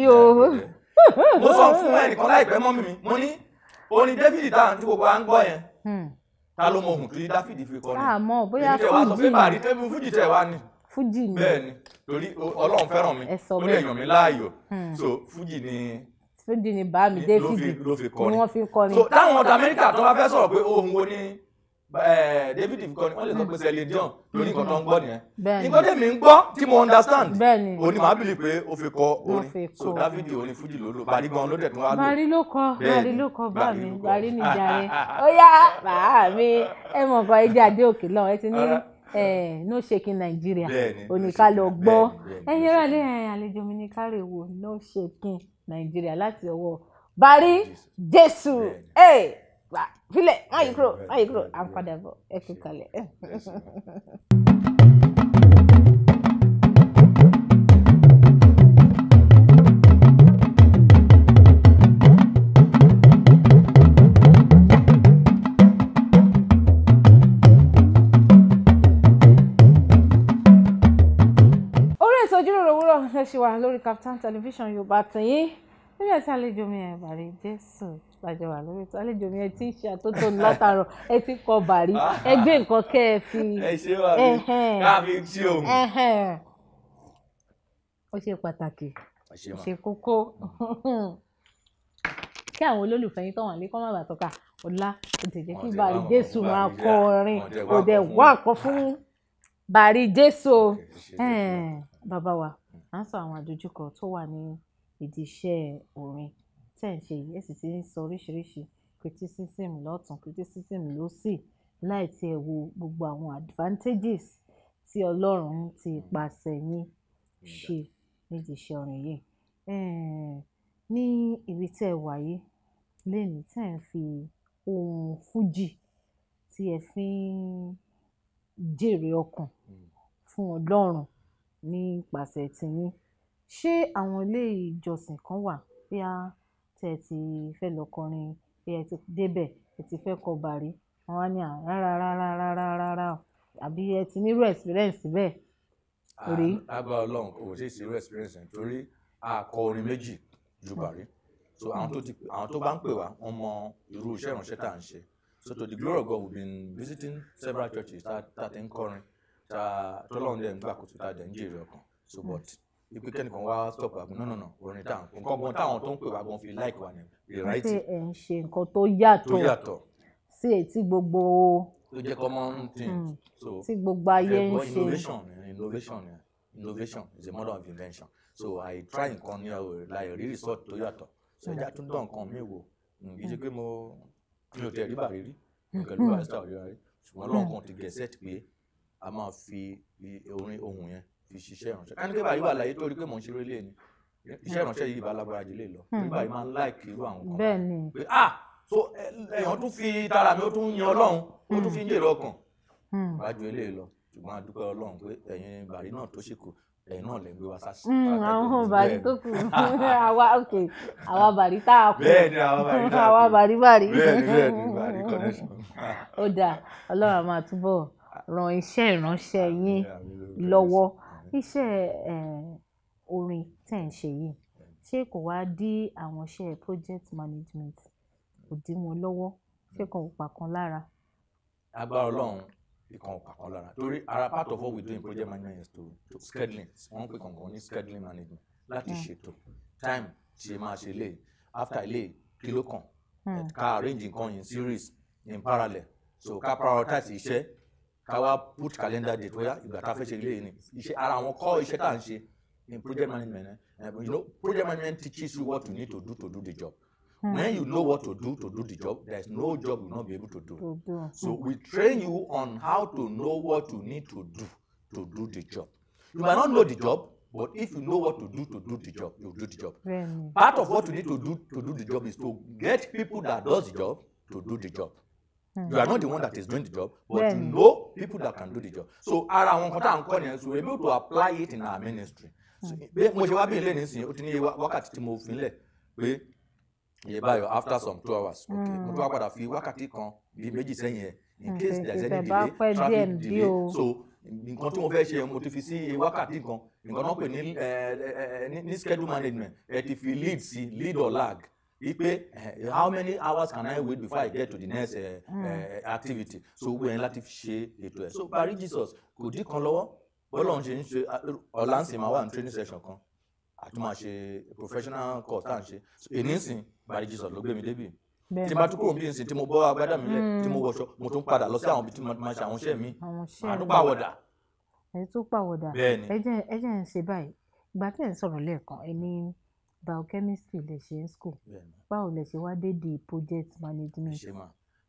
ń mo sọ fún ẹnìkan láìpẹ́ mọ́mí mi mo ní orin David tá à ń tí gbogbo à ń gbọ́ yẹn hmm. ta ló mọ ohun tí David fi kọ ni àmọ́ bóyá fújì ni fújì tẹ̀ wá ni fújì ni bẹ́ẹ̀ ni torí Ọlọ́run fẹ́ràn mi ó lè yàn mí láàyò hmm. so fújì ni fújì ni bá mi David ló fi kọ ni so táwọn ọ̀dà Amẹ́ríkà tó bá fẹ́ sọ̀rọ̀ pé ohun wo ni. Eh, David Ifeanyi wọ́n lè sọ pé Celine Dion lórí nǹkan tó ń gbọ́ nìyẹn nǹkan tẹ̀mí ń gbọ́ tí mo understand òní màá bìlì pé ó fi kọ orin so David orin fújì ló lò bàrí gan ló dẹ̀ tún wá lò. bàrí ló kọ bàrí ló kọ bá mi bàrí nìjà rẹ ó yá bàá mi ẹ mọ̀ nǹkan ẹja àdé òkè náà ẹ ti ní no shaking Nigeria oníkálọ̀ gbọ́ ẹ̀yin rẹ̀ lé àlejò mi ní kárẹ̀ wo no shaking Nigeria láti ọwọ́ bàrí Jésù gba filẹ̀ wọ́n yí kúrò wọ́n yí kúrò à ń padà bọ̀ ẹ kú kalẹ̀. ẹ ṣì wà lórí Kaftan television Yorùbá tẹ̀yìn nígbà tí àlejò mi ẹ̀ bàrí jésù gbàjọ wà lórí tó àlejò mi ẹ ti ń ṣe àtótó látàrọ ẹ ti kọ bàrí ẹ gbé nǹkan kẹ ẹ fi ẹ ṣe wà mí káàmì tí òun. ó ṣe pàtàkì ó ṣe kókó kí àwọn olólùfẹ́ yín tó wà lẹ́kọ́ má bàa tọ́ka ọ̀la kò tẹ̀ jẹ́ kí bàrí jésù máa kọ orin kò dẹ̀ wá ọkọ fún bàrí jésù bàbá wa à ń sọ àwọn àdójúkọ tó wà ní ìdí iṣẹ́ orin tẹ̀ ń ṣe yìí, ẹ sì ti ń sọ oríṣiríṣi criticism lọ́tùn, criticism lósì láì tí ẹ wo gbogbo àwọn advantages tí Ọlọ́run ti ipasẹ̀ hmm. yín ṣe nídìí iṣẹ́ orin yìí. um Ní ibi tí ẹ wà yìí lénìí tẹ̀ ń fi ohun fújì tí ẹ fi ń jèrè ọkàn hmm. fún Ọlọ́run nípasẹ̀ tiyín ṣé àwọn ilé ìjọsìn kan wà bóyá tẹ́ ẹ ti fẹ́ lọ kọrin bóyá ẹ ti débẹ̀ ẹ ti fẹ́ kọ bàrí wọ́n wá ní à rárá rárá rárá rárá o àbí ẹ ti nírú experience bẹ́ẹ̀ rí. lábẹ́ ọlọ́run kò sí ìṣirò experience nítorí a kọ orin méjì ju bàrí so àwọn tó bá ń pè wá wọ́n mọ irú iṣẹ́ ìránṣẹ́ tá à ń ṣe so to the glory of God we been visiting several churches ta ta ti ń kọrin ta tọ́lọ́run dẹ̀ ń gbàkóso ta dẹ̀ ń jèrè ọkàn so but. Mm -hmm ipe kẹ́nìkan wá stop àgbọn no no no ah, it down. nǹkan gan táwọn tó ń pè wá gan fi like wa ni rewriting. ṣé ẹ ń ṣe nǹkan tó yàtọ̀ tó yàtọ̀ sí ètí gbogbo. tó jẹ́ common thing. Hmm. so tí gbogbo ayé ń ṣe innovation innovation innovation is the mother of invention so i try nǹkan ní like rí result tó yàtọ̀ so ẹja tún dán nǹkan mi wò hmm, kì í ṣe pé mo mi ò tẹ̀ rí bàrí rí nǹkan ló bá ṣe tà rí rí ṣùgbọ́n lọ́nkàn ti gẹ̀ set pé a máa fi orin ohun yẹn ìṣiṣẹ́ ìrànṣẹ́ káníkẹ́ báyìí wà láyé torí pé mò ń ṣe relé ni iṣẹ́ ìrànṣẹ́ yìí bá lágbára jù lè lọ nígbà hmm. yìí máa ń láìkì irú àwọn kan bẹ́ẹ̀ ni pé ah so èèyàn tún fi tara mi ó tún yan ọlọ́run ó tún fi ń hmm. jèrè ọkàn wájú hmm. ilé lọ ṣùgbọ́n a dúpẹ́ ọlọ́run pé ẹ̀yin bàrí náà tó ṣì kù ẹ̀yin náà lè gbé wa sá sí. àwọn bàrí tó kù àwa ok àwa bàrí tá a kù bẹ́ẹ̀ ni àwa bàrí tá a kù àwa bàrí bàrí bẹ́ẹ̀ ni bẹ́ẹ̀ ni bàrí connection. ó dáa ọlọ́run a máa túbọ̀ ran iṣẹ́ ìránṣẹ́ yín lọ́wọ́. Iṣẹ́ orin tẹ̀ ń ṣe yìí, ṣé kò wá dí àwọn iṣẹ́ project management kò dí wọn lọ́wọ́? Ṣé kan ò pa kan lára? Agbára Ọlọ́run, ìkan ò pa kan lára. Torí ara part of what we do in project management is to, to scheduling. Wọ́n ń pè kankan ní scheduling management láti hmm. ṣètò time tí ẹ máa ṣe eléyìí, after eléyìí kí hmm. Ká arrange nǹkan in series, in parallel. So ká prioritize iṣẹ́ káwa put calendar date wọ́yá ìgbà tá a fẹ́ ṣe ilé yìí ni iṣẹ́ ara àwọn kọ́ iṣẹ́ tá à ń ṣe in project management uh, you know project management teaches you what you need to do to do the job. Hmm. When you know what to do to do the job, there is no job you'll not be able to do. So we train you on how to know what you need to do to do the job. You might not know the job, but if you know what to do to do the job, you do the job. Really? Part of what you need to do to do the job is to get people that does the job to do the job. Hmm. You are not the one that is doing the job, but really? you know people that can do the job so ara àwọn kan tá à ń kọ́ nìyẹn so we are able to apply it in our hmm. ministry hmm. mo ṣe wá bí ilé nísìnyí ó ti ní wákàtí tí mo fi lẹ̀ pé yẹ hmm. báyọ̀ after some two hours okay mo tún wá padà fi wákàtí kan bí méjì sẹ́yìn ẹ̀ in case there is any delay traffic delay so nǹkan tí mo fẹ́ ṣe mo ti fi sí wákàtí kan nǹkan náà pè eh, eh, eh, ní schedule management ẹ ti fi lead sí lead or lag wípé uh, how many hours can I wait before I get to the next uh, mm. uh, activity so we yẹn láti fi ṣe ètò ẹ̀ so parí Jesus kò dín kan lọ́wọ́ bọ́lá ń ṣe ń ṣe ọ̀la ń sìn máa wà ní training session kan àtún máa professional course tá à ń ṣe èní ń sìn parí Jesus ló gbé mi débì tí ma tún kúrò bí n sìn tí mo bọ́ agbádá mi lẹ̀ hmm. tí mo wọṣọ mo tún padà lọ sí àwọn ibi tí mo máa ṣe àwọn iṣẹ́ mi màá tún pàwọ̀dà. ẹ tún ẹ jẹ́ ẹ ṣe báyìí ìgbà tí ẹ̀ ń ẹ ní biochemistry lè ṣe ń school báwo lè ṣe wá dé di project management. ṣe mà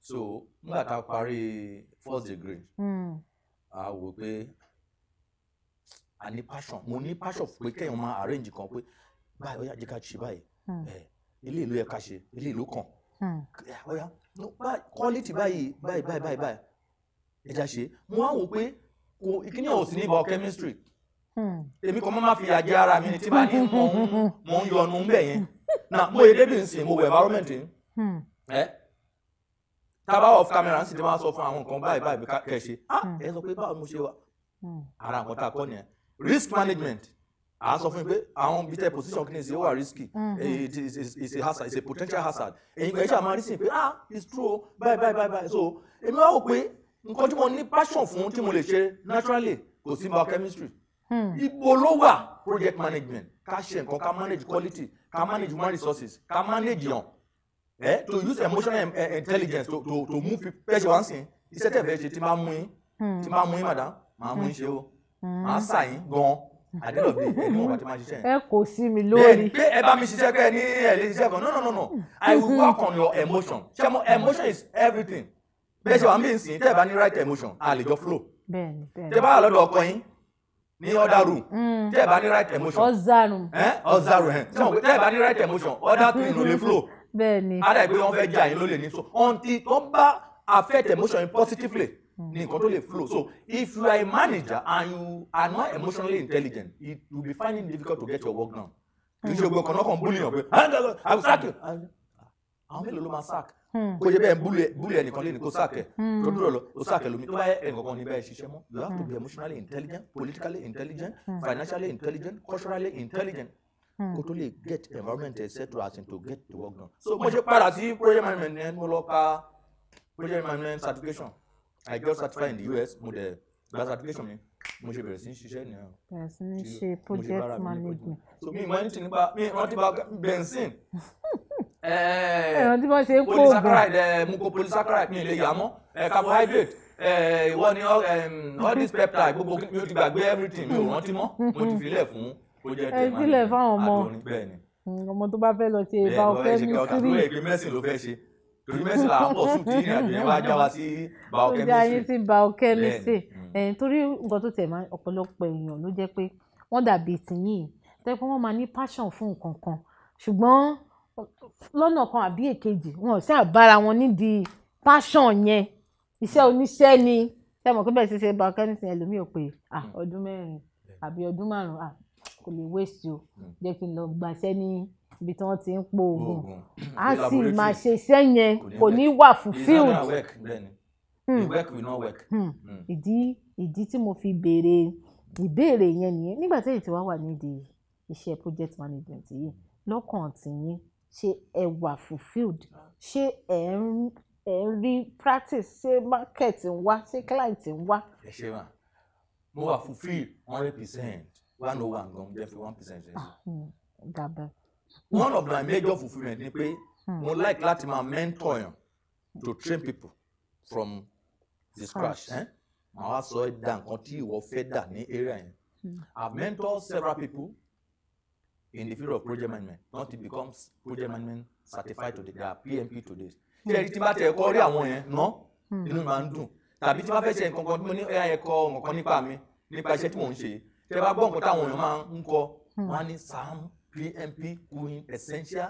so nígbà tá a parí first degree hmm. a wò pé a ní passion mo ní passion pé kéèyàn máa arrange kan pé báyìí ó yá jẹ́ ká ṣe báyìí eléyìí hmm. ló yẹ ká ṣe eléyìí ló kàn ó yá quality báyìí báyìí báyìí báyìí ẹja ṣe mo á wò pé kò ìkíní ọ̀sìn ní biochemistry. Hmm. èmi kan mọ́ máa fi àjẹ ara mi ni tí bá ní mò ń mò ń yọnu ń bẹ̀ yẹn na mo yẹ débi nsìn mo wọ environment yẹn hmm. ẹ tábà off camera ń sì ti máa sọ fún àwọn nǹkan báyìí báyìí kẹ ṣe ah hmm. ẹ sọ pé báwo mo ṣe wà ara nǹkan tá a kọ́ nìyẹn risk management à ń sọ fún mi pé àwọn bíi tẹ position kìíní sí ó wà risky eh, it is is a hazard is a potential hazard èyí kan ẹ ṣe àmọ́ rí sí pé ah it's true báyìí báyìí báyìí so èmi wá wò pé nǹkan tí mo ní passion fún tí mo lè ṣe naturally kò sí biochemistry Hmm. ibo ló wà project management ká ṣe nǹkan ká manage quality ká manage human resources ká manage yàn eh, to use emotional eh, intelligence to to to move people ṣe wọ́n sìn iṣẹ́ tẹ̀ fẹ́ ṣe tí máa mú yín hmm. tí máa mú yín madam máa mú yín ṣe o hmm. máa sà yín gan-an àdéhùn bíi ẹni wọn bá ti máa ṣiṣẹ́. ẹ kò sí mi lórí. bẹ́ẹ̀ni pé ẹ bá mi ṣiṣẹ́ pé ẹ ní ẹ ṣiṣẹ́ kan no no no no i will work on your emotion ṣe mo emotion is everything bẹ́ẹ̀ ṣe wà mí sìn tẹ́ ẹ bá ní right emotion a lè jọ flow. bẹ́ẹ̀ni bẹ́ẹ̀ni tẹ́ bá wà lọ́dọ̀ ọkọ yín ní other room mm. tẹ́ ẹ bá ní right emotion ọ̀zà room ọ̀zà room tẹ́ ẹ bá ní right emotion other twin ló lè flow bẹ́ẹ̀ni ada ìgbé wọn fẹ́ jà yín ló lè ní so until tó bá affect emotion positively ni nǹkan tó lè flow so if you are a manager and you are not emotionally intelligent it will be finding difficult to get your work done kì í ṣe gbogbo ọkàn náà kàn ń búlíyàn pé i will sack you àwọn mélòó ló máa sack hmm. kó jẹ́ bẹ́ẹ̀ búlẹ̀ ẹnìkan lé ní kó sack ẹ̀ tó hmm. dúró lọ ó hmm. sack lómi tó bá yẹ ẹnìkan ní bẹ́ẹ̀ ṣiṣẹ́ mọ́ you have to be emotionally intelligent politically intelligent financially intelligent culturally intelligent kó tó lè get environment ẹ̀ set to as in to get the work done. so mo ṣe padà sí project management yẹn mo lọ ka project management certification I just certify in the US mo dẹ̀ gba certification mi mo ṣe bẹ̀rẹ̀ sí ní ṣiṣẹ́ ní àwọn. bẹ̀rẹ̀ sí ní ṣe project management. so mi ìmọ̀ ẹni tí nípa mi rántí bá benzene ẹ̀ẹ́n tí wọ́n ṣe ń kó oògùn polysaccharide mucopolysaccharide mi lè yà mọ́ carbohydrate ìwọ ni all this peptide gbogbo mi ò ti gbàgbé everything mi ò rántí mọ́ mo ti filẹ̀ fún oúnjẹ tèmi àti àdùnrin bẹ́ẹ̀ ni mm, ọmọ tó bá fẹ́ lọ ṣe ìbá ọ̀fẹ́ mi sírí bẹ́ẹ̀ ni mẹ́sìn ló fẹ́ ṣe torí mẹ́sìn là ń pọ̀ sùn tí ìrìn àjò yẹn bá já wa sí biochemistry. oúnjẹ ayé sí biochemistry torí nǹkan tó tẹ̀ máa ọ̀pọ̀lọpọ̀ èèyàn ló jẹ́ pé wọ́n dàbí tìyìn tẹ́ pé wọ́n máa ní passion fún nǹkan kan ṣùgbọ́n lọ́nà kan àbí èkejì wọn ò sí àbára wọn nídìí passion yẹn iṣẹ́ oníṣẹ́ ni ṣé mo kí bẹ́ẹ̀ ṣe ṣe biochemist yẹn lómi ò pé hmm. ọdún mẹ́rin àbí ọdún márùn-ún kò lè wéṣì o hmm. jẹ́ kí n lọ gbaṣẹ́ ní ibi tí wọ́n ti ń po oògùn á hmm. sì máa ṣe iṣẹ́ yẹn kò ní wà fulfilled ìdí ìdí tí mo fi béèrè ìbéèrè yẹn nìyẹn nígbà tí èyí ti wá wà nídìí iṣẹ́ project management yìí lọ́kàn tìyín ṣe ẹ wà fulfilled ṣé ẹ ń ẹ ń rí practice ṣé market ń wá ṣé client ń wá. ẹ ṣe wà mo wà fulfilled hundred percent one oh one gan jẹ fi one percent ṣe. Ah, hmm, one of my major fulfilment ni pé hmm. mo like láti máa mentor yan to train people from the scratch. Eh? màá wá sọ ẹ dá nǹkan tí ìwọ fẹ́ dà area yẹn. Hmm. I have mentored several people in the field of project management not to become project management certified today they are PMP today. Hmm. ṣé ẹni tí bá tẹ ẹ̀kọ́ rí àwọn yẹn ná hmm. inú máa ń dùn tàbí tí wọ́n fẹ́ ṣe nǹkan kan tí mo ní ẹ̀yà ẹ̀kọ́ nǹkan nípa mi nípa iṣẹ́ tí mò ń ṣe tẹ́ bá gbọ́ nǹkan táwọn èèyàn máa ń kọ hmm. wọ́n á ní sam PMP queen essential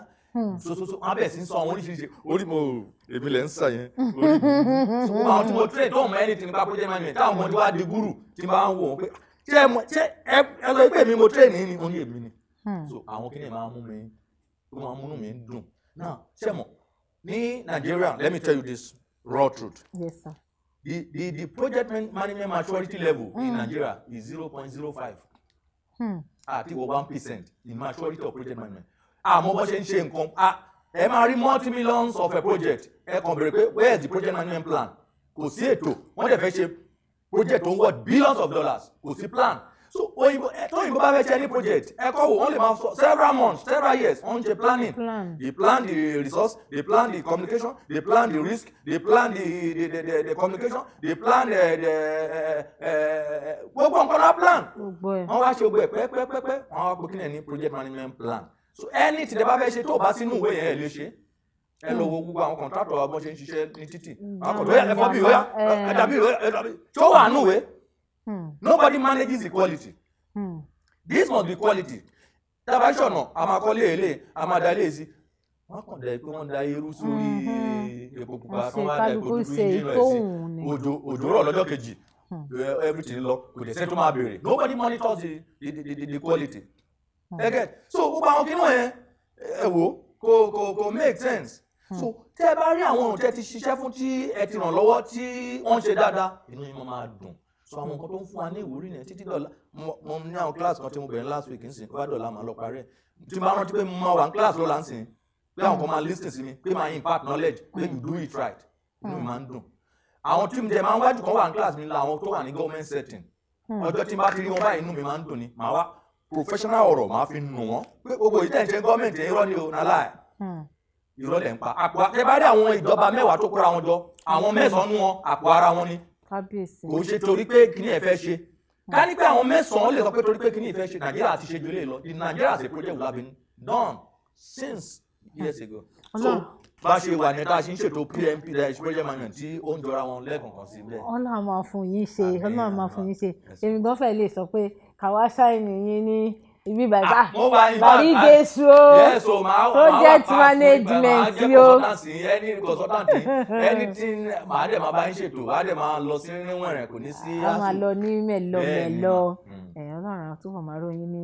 sososo wọn bẹ̀ sí ń sọ àwọn oríṣiríṣi orí mo èmi lẹ̀ ń sà yẹn orí mo àwọn tí mo tẹ̀ tó ọmọ ẹni tí n bá project management táwọn ọmọdé wa di gúrù tí n bá ń wò wọn pé ṣé ẹ ẹ sọ pé èmi mo tẹ̀ ní ní oní èmi ni Hmm. so àwọn kí ni máa mú mi ó máa múnú mi dùn náà ṣé ní Nigeria let me tell you this raw truth yes, sir. the the the project management maturity level mm. in hmm. Nigeria is zero point zero five àti hmm. ah, one percent in maturity of project management àmọ́ ah, bó ṣe ń ṣe nǹkan ah, ẹ máa rí multi millions of a project ẹ kàn béèrè pé where is the project management plan kò sí ètò wọ́n dẹ̀ fẹ́ ṣe project tó ń worth billions of dollars kò sí plan so òyìnbó eh, tóyìnbó bá fẹ́ ṣe any project ẹ̀kọ́ wo wọ́n lè máa several months several years wọ́n ń planning plan. they plan the resource they plan the communication they plan the risk they plan the the the, the, communication they plan the the eh, eh, gbogbo nǹkan náà plan wọ́n wá ṣe gbogbo ẹ̀ pẹ́pẹ́pẹ́pẹ́ wọ́n wá pé kí ni project management plan so anything tẹ́ bá fẹ́ ṣe tó bá sínú ìwé yẹn lè ṣe ẹ lọ wo gbogbo àwọn kọ̀ǹtàtọ̀ àwọn bọ́n ṣe ń ṣiṣẹ́ ní títì mm. àwọn kọ̀ǹtàtọ̀ ẹ fọ́ bí ìwé ẹ dàbí ìwé ẹ dàbí tó wà núwèé Hmm. Nobody manages equality. Hmm. This must be quality. Tábà ṣọ̀nà, a máa kọ́lé èlé, a máa da ilé èsì. Wọ́n kàn irú sórí hmm. epo pupa, wọ́n da epo dúdú ìjìnlẹ̀ sí. Òjò òjò rọ̀ kejì. Hmm. Everything lọ, kò dẹ̀ sẹ́ni tó máa béèrè. Nobody monitors the the the the, quality. Hmm. Ẹgẹ́ so gbogbo àwọn kí náà yẹn ẹ wò kò kò kò make sense. So tẹ́ ẹ bá rí àwọn ohun tẹ́ ti ṣiṣẹ́ fún tí ẹ ti ràn lọ́wọ́ tí wọ́n ń ṣe dáadáa, inú yín máa dùn so àwọn nǹkan tó ń fún wa ní ìwúrí nìyẹn títí dọ̀la mo ní àwọn class kan tí mo bẹ̀rẹ̀ last week nsìn wá dọ̀la màá lọ parí ẹ̀ tí n bá rántí pé mo máa wà ní class lọ́la nsìn pé àwọn kan máa lis ten sí mi pé máa impact knowledge pé you do it right inú mi máa ń dùn àwọn tí mo jẹ máa ń wájú kan wà ní class mi la àwọn tó wà ní government setting hmm. ọjọ́ tí n bá ti rí wọn báyìí inú mi máa ń dùn ni màá wá professional ọ̀rọ̀ máa fi nù wọ́n pé gbogbo ìtẹ̀ǹtẹ̀ gọ́ọ̀mẹ̀ntì irọ́ ni o nàlá ẹ̀ hmm. irọ́ lẹ̀ ń pa àpò àtẹ́bárẹ́ àwọn ìjọba mẹ́wàá tó kóra wọn jọ àwọn mẹ́sàn-án wọn àpò ara wọn ni kábíyèsí. kò ṣe torí pé kíní ẹ fẹ́ ṣe ká ní pé àwọn mẹ́sàn-án lè sọ pé torí pé kíní ẹ fẹ́ ṣe nàìjíríà ti ṣe ju lè lọ the Nigeria as a project we have been done since years ago. so bá ṣe wà ní ká ṣe ń ṣètò PMP that is project management tí ó ń jọra wọn lẹ́ẹ̀kọ̀ọ̀kan sí bẹ́ẹ̀. ọlọ́run máa fún yín ṣe ọlọ́run máa fún yín ṣe èmi gan lè sọ pé kàwá ṣáìnì yín ibi bàbá ah, bàrí ah, jésù o project management o any consultant anything màá dẹ̀ máa bá yín ṣètò màá dẹ̀ máa lọ sí níwọ̀n rẹ̀ kò ní sí àṣù. a máa lọ ní mẹ́lọmẹ́lọ mm. ẹ̀yọ́ ọlọ́run tó mọ̀ máa ròyìn ní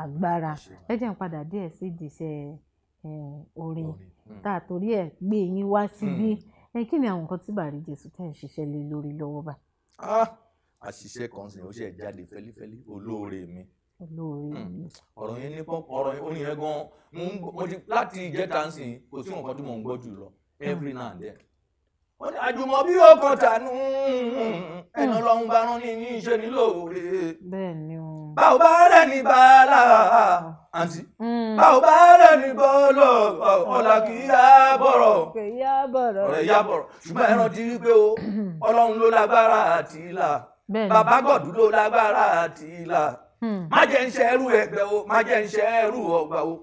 agbára ẹ jẹ́ n padà díẹ̀ sí ìdìṣẹ́ orin mm. tá a torí ẹ̀ gbé yín wá síbí mm. kí ni àwọn nǹkan tí bàrí jésù tẹ̀ ń ṣiṣẹ́ lé lórí lọ́wọ́ bá. Ah, àṣìṣe kan sì ni ó ṣe jáde fẹ́lífẹ́lí olóore mi. Hmm. ọ̀rọ̀ yẹn ní ọ̀rọ̀ yẹn ó gan mo ti láti ìjẹta ń sìn kò sí nǹkan tí mò ń gbọ́ jù lọ every now and then. wọ́n ní àjùmọ̀ bí ọkàn tànú ẹni ọlọ́run bá rán ní ní iṣẹ́ ní lóore. báwo bá rẹ̀ ní bàálà àǹtí. Hmm. báwo bá rẹ̀ ní bọ́ọ̀lọ̀ ọ̀là kì í yá ọ̀rẹ́ yá bọ̀rọ̀ ṣùgbọ́n ẹ rántí pé o ọlọ́run ló lágbára àti ìlà bàbá gọ̀dú ló lágbára àti ìlà. Hmm. má jẹ́ ń ṣe ẹrú ẹgbẹ́ o má jẹ́ ń ṣe ẹrú ọgbà o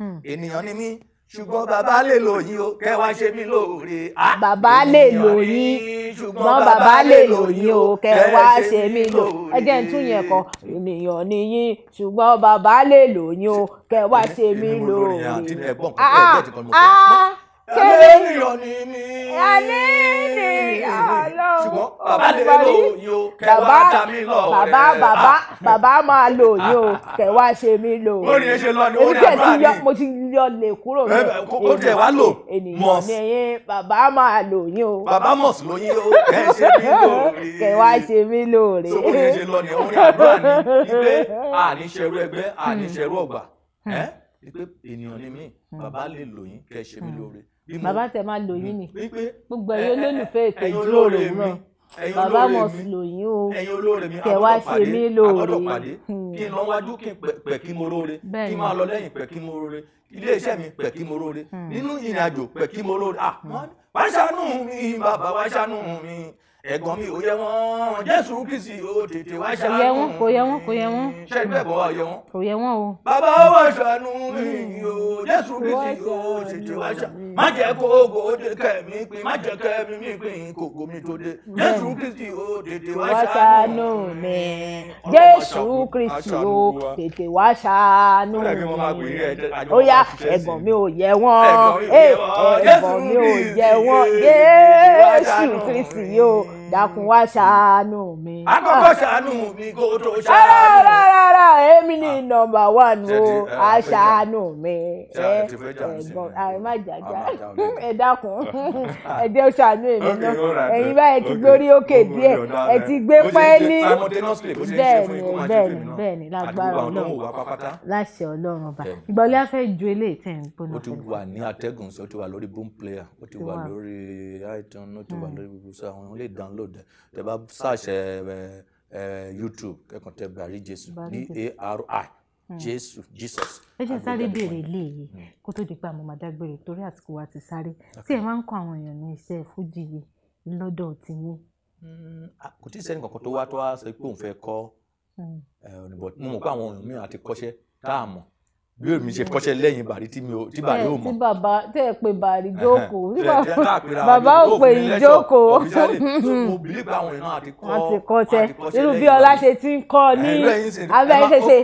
hmm. ènìyàn ni mí ṣùgbọ́n bàbá lè lò yín o kẹ́ wá ṣe mí lóore. bàbá lè lò yín ṣùgbọ́n bàbá lè lò yín o kẹ́ ṣe mí lóore. ẹ ń tún yẹn kọ ènìyàn ni yín ṣùgbọ́n bàbá lè lò yín o kẹ́ ṣe mí lóore ẹlẹ́nìyàn ni mí. ẹlẹ́nìyàn ló ṣùgbọ́n bàbá lè ta mí lọ rẹ. bàbá bàbá ah. bàbá máa lò yìí o ṣe mí lò. ó ní ṣe lọ ni ó ní àbúrò mi. mo ti yọ lè kúrò mi. ó tẹ̀ wá lò mọ̀s. ènìyàn ni bàbá máa lò yìí o. bàbá mọ̀s ló yí o kẹ́ ṣe mí lò rí. kẹwàá ṣe mí lò rí. so ó ní ṣe lọ ni ó ní àdúrà ni ilé àníṣerú ẹgbẹ́ àníṣerú hmm. ọ̀gbà ìpè hmm. ènìyàn ni mí bàbá lè lò yín kẹ́ ṣe mí hmm. lóore bàbá tẹ máa lò yín ni gbogbo ẹ̀yin olólùfẹ́ ètò ìjíròrò náà bàbá mọ̀ sí lò yín o kẹ wá ṣe mí lóore. Hmm. kí n lọ wájú kí n kí mo róore kí n máa lọ lẹ́yìn pẹ̀ kí mo róore ilé iṣẹ́ mi pẹ̀ kí mo róore hmm. nínú ìrìn àjò pẹ̀ kí mo róore. Ah, hmm. wá ṣàánú mi bàbá wá ṣàánú mi ẹ̀gbọ́n mi ò yẹ wọ́n jésù kìsì ò tètè wá ṣàánú mi kò yẹ wọ́n kò yẹ wọ́n ṣé bẹ́ẹ̀ bọ́ ọ yẹ wọ́n. kò yẹ wọ́n o. bàbá wá ṣàánú mi o jésù kìsì ò tètè wá mi má jẹ́ kó ògo òde kẹ́mi pin má jẹ́ kẹ́mi mi pin kòkó mi tó dé jésù kristi ó tètè wá ṣàánú mi jésù kristi ó tètè wá ṣàánú mi ó yá ẹ̀gbọ́n mi ò yẹ wọ́n ẹ̀gbọ́n mi ò yẹ wọ́n jésù kristi ó dákun wá ṣàánú mi. àkọ́kọ́ ṣàánú mi kó tó ṣàánú. rárá rárá èmi ni ah. nọ́mbà wán o á eh, ṣàánú mi. Eh, ẹ̀gbọ́n àìmá ah, jàjà ah, ẹ dákun ẹ jẹ́ ó ṣàánú èmi náà ẹ̀yin eh, báyìí ti gbórí òkè díẹ̀ ẹ ti gbé pẹ́ẹ́lí. bẹ́ẹ̀ni bẹ́ẹ̀ni bẹ́ẹ̀ni lágbára Ọlọ́run láṣẹ Ọlọ́run ọba ìgbàlẹ́ afẹ́ ju eléyìí tẹ̀ ń pọ́nà. ó ti wà ní atẹ́gùn sí ó ti wà lórí boom player ó ti wà lórí iTunes ó ti wà hmm. lórí gbogbo sí àwọn ilé ìdánlọ́ download ẹ̀ tẹ́ bá search ẹ̀ ẹ̀ YouTube kẹ́kàn tẹ́ Bari Jésù b a r i hmm. jésù jesus. ẹ jẹ́ sáré béèrè léyìí hmm. kó tó di pa àmọ́ màdágbére torí àsìkò wa ti sáré tí ẹ máa ń kọ́ àwọn èèyàn ní iṣẹ́ fújì yìí lọ́dọ̀ tí yín. Hmm, kò tí ì sẹ́ni kankan tó wá tó wá sọ pé òun fẹ́ kọ́ mo mọ̀ pé àwọn èèyàn mìíràn àti kọ́ṣẹ́ tá a mọ̀ bí èmi ṣe kọ́ṣẹ́ lẹ́yìn bàrí tí bàrí ò eh, mọ̀. tí bàbá tẹ́ ẹ pé bàrí jókòó bàbá ò pé ìjókòó. mo bìlí pé àwọn èèyàn àti kọ́ àti kọ́ṣẹ́ irú bí ọlá ṣe ti ń kọ́ ní abẹ́ ṣe ṣe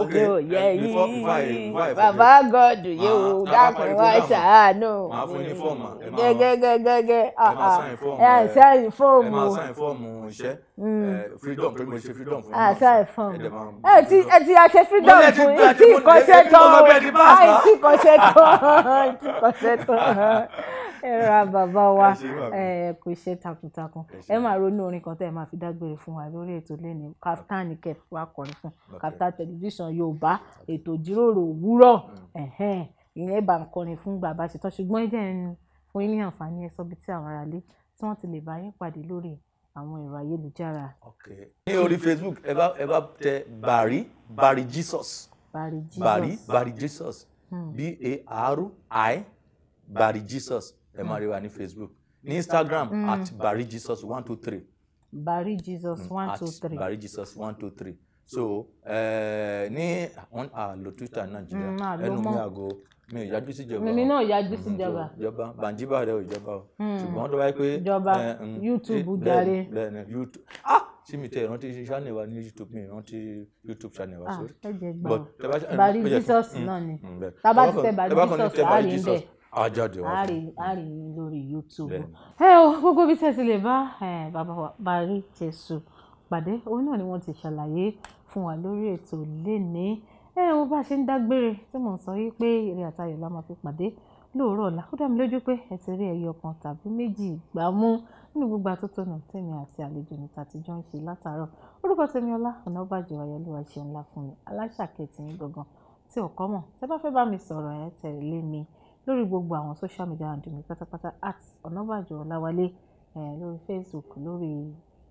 ọ̀dọ̀ yẹ yìí bàbá gọ́ọ̀dù yẹ o dákun wá ṣàánú gẹ́gẹ́gẹ́gẹ́ ẹ̀ ẹ̀ sáyìn fọ́ọ̀mù. ẹ máa ah, ah. sáyìn fọ́ọ̀mù iṣẹ́. Mm. Eh, freedom pé freedom fún mi. àṣà ẹ̀fọn ẹ ti ẹ ti àṣẹ freedom fún yìí tí ìkọ̀ṣẹ́ tán o àì tí ìkọ̀ṣẹ́ tán tí ìkọ̀ṣẹ́ tán ẹ ra bàbá wa ẹ kò ṣe takuntakun ẹ máa ronú orin kan tẹ ẹ máa fi dágbére fún wa lórí ètò lẹ́nu Kaftan ni kẹ́ wa kọrin fún Kaftan television Yorùbá ètò ìjíròrò òwúrọ̀ hmm. ìyẹn bá ń kọrin fún bàbá ṣetán ṣùgbọ́n ẹ jẹ́ ẹnu fún yín ní àǹfààní ẹ sọ bí àwọn aráalé tí wọ́n ti lè bá yín pàdé lórí àwọn ẹ̀rọ ayélujára. ní orí Facebook ẹ bá ẹ bá tẹ Bari Bari Jesus Bari Jesus Bari Jesus hmm. B-A-R-I Bari Jesus ẹ máa rí wa ní Facebook ní Instagram hmm. at Bari Jesus one two three. Bari Jesus hmm, one two three. Bari Jesus one two three so eh, ní àwọn àlò Twitter Nàìjíríà ẹnu mi àgọ mi ò yájú sí ìjọba mímí náà yájú sí mm, ìjọba ìjọba bàǹjíbà rẹ ò ìjọba o hmm. ṣùgbọ́n tó bá yẹ pé ìjọba eh, mm, YouTube eh, jàre lẹ́nu YouTube ah tí mi tẹ ìrántí channel wa ní YouTube mi ìrántí YouTube channel wa ah, sórí but bari Jesus náà ni mm, tábà ti tẹ bari Jesus á rí bẹ́ẹ̀ ajáde wá fún a rí lórí youtube ẹ o gbogbo bí tẹ́sí lè bá bàbá wa Jesus, Jésù pàdé òun náà ni wọ́n ti ṣàlàyé fún wa lórí ètò lẹ́ni ẹ wo bá a ṣe ń dágbére tí mò ń sọ yìí pé èrè àtayọ̀ la máa fi pàdé lóòrọ̀ ọ̀la ó dá mi lójú pé ẹ ti rí ẹyọ kan tàbí méjì gbà mú nínú gbogbo àtótónu tèmi àti àlejò mi tàti jọ ń ṣe látàárọ̀ orúkọ tèmi Ọlá Ọ̀nàbàjọ ayọ̀lúwa ṣe ńlá fún mi aláṣàkẹ́ tí ń gangan tí ò kọ́ mọ̀ tẹ́ bá fẹ́ bá mi sọ̀rọ̀ ẹ tẹ̀lé mi lórí gbogbo àwọn social media handle mi pátápátá at Ọ̀nàbàjọ Ọláwálé lórí Facebook lórí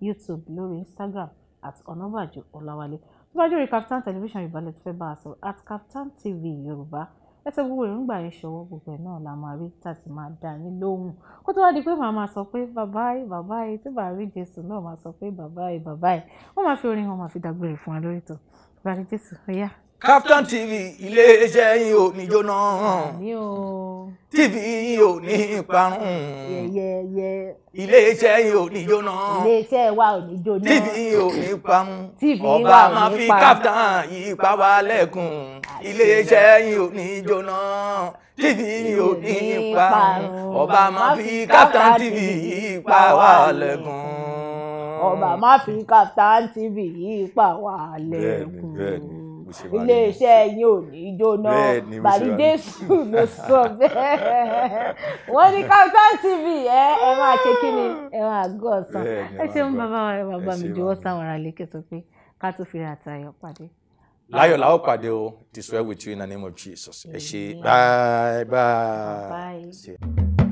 YouTube lórí Instagram at Ọ̀nàbàjọ Ọláwálé tó bá jòrè Kaftan television yorùbá lè fẹ́ bá a sọ at Kaftan TV yorùbá ẹsẹ̀ gbogbo èròǹgbà yẹn ṣọwọ́ gbogbo ẹ̀ náà la máa rí tá a sì máa dá yín lóhùn kó tó wá di pé màá máa sọ pé bàbá ẹ bàbá ẹ tí bàá rí jésù náà máa sọ pé bàbá ẹ bàbá ẹ wọ́n máa fi orin wọn máa fi dàgbére fún wa lórí ìtàn bàbá ẹ jésù ó yá Captain TV iléeṣẹ́ yín ò ní jóná TV yín ò ní parun iléeṣẹ́ yín ò ní jóná iléeṣẹ́ wa ò ní jóná TV yín ò ní parun ọba máa fi captain yìí pa wá lẹ́kùn iléeṣẹ́ yín ò ní jóná TV yín ò ní parun ọba máa fi captain TV yìí pa wá lẹ́kùn ọba máa fi captain TV yìí pa wá lẹ́kùn ilé iṣẹ́ yín ò ní jóná bàlídésù ló sọ bẹ́ẹ̀ wọ́n ní Kaftan TV ẹ ẹ máa ṣe kí ni ẹ máa gọ́ ọ̀sán ẹ ṣeun bàbá wa bàbá mi jọ̀wọ́ sáwọn ará lékè sọ pé ká tó fi ra àtàyọ̀ pàdé. láyọ̀ la ó pàdé o this well with you in the name of Jesus ẹ ṣe bye bye. bye.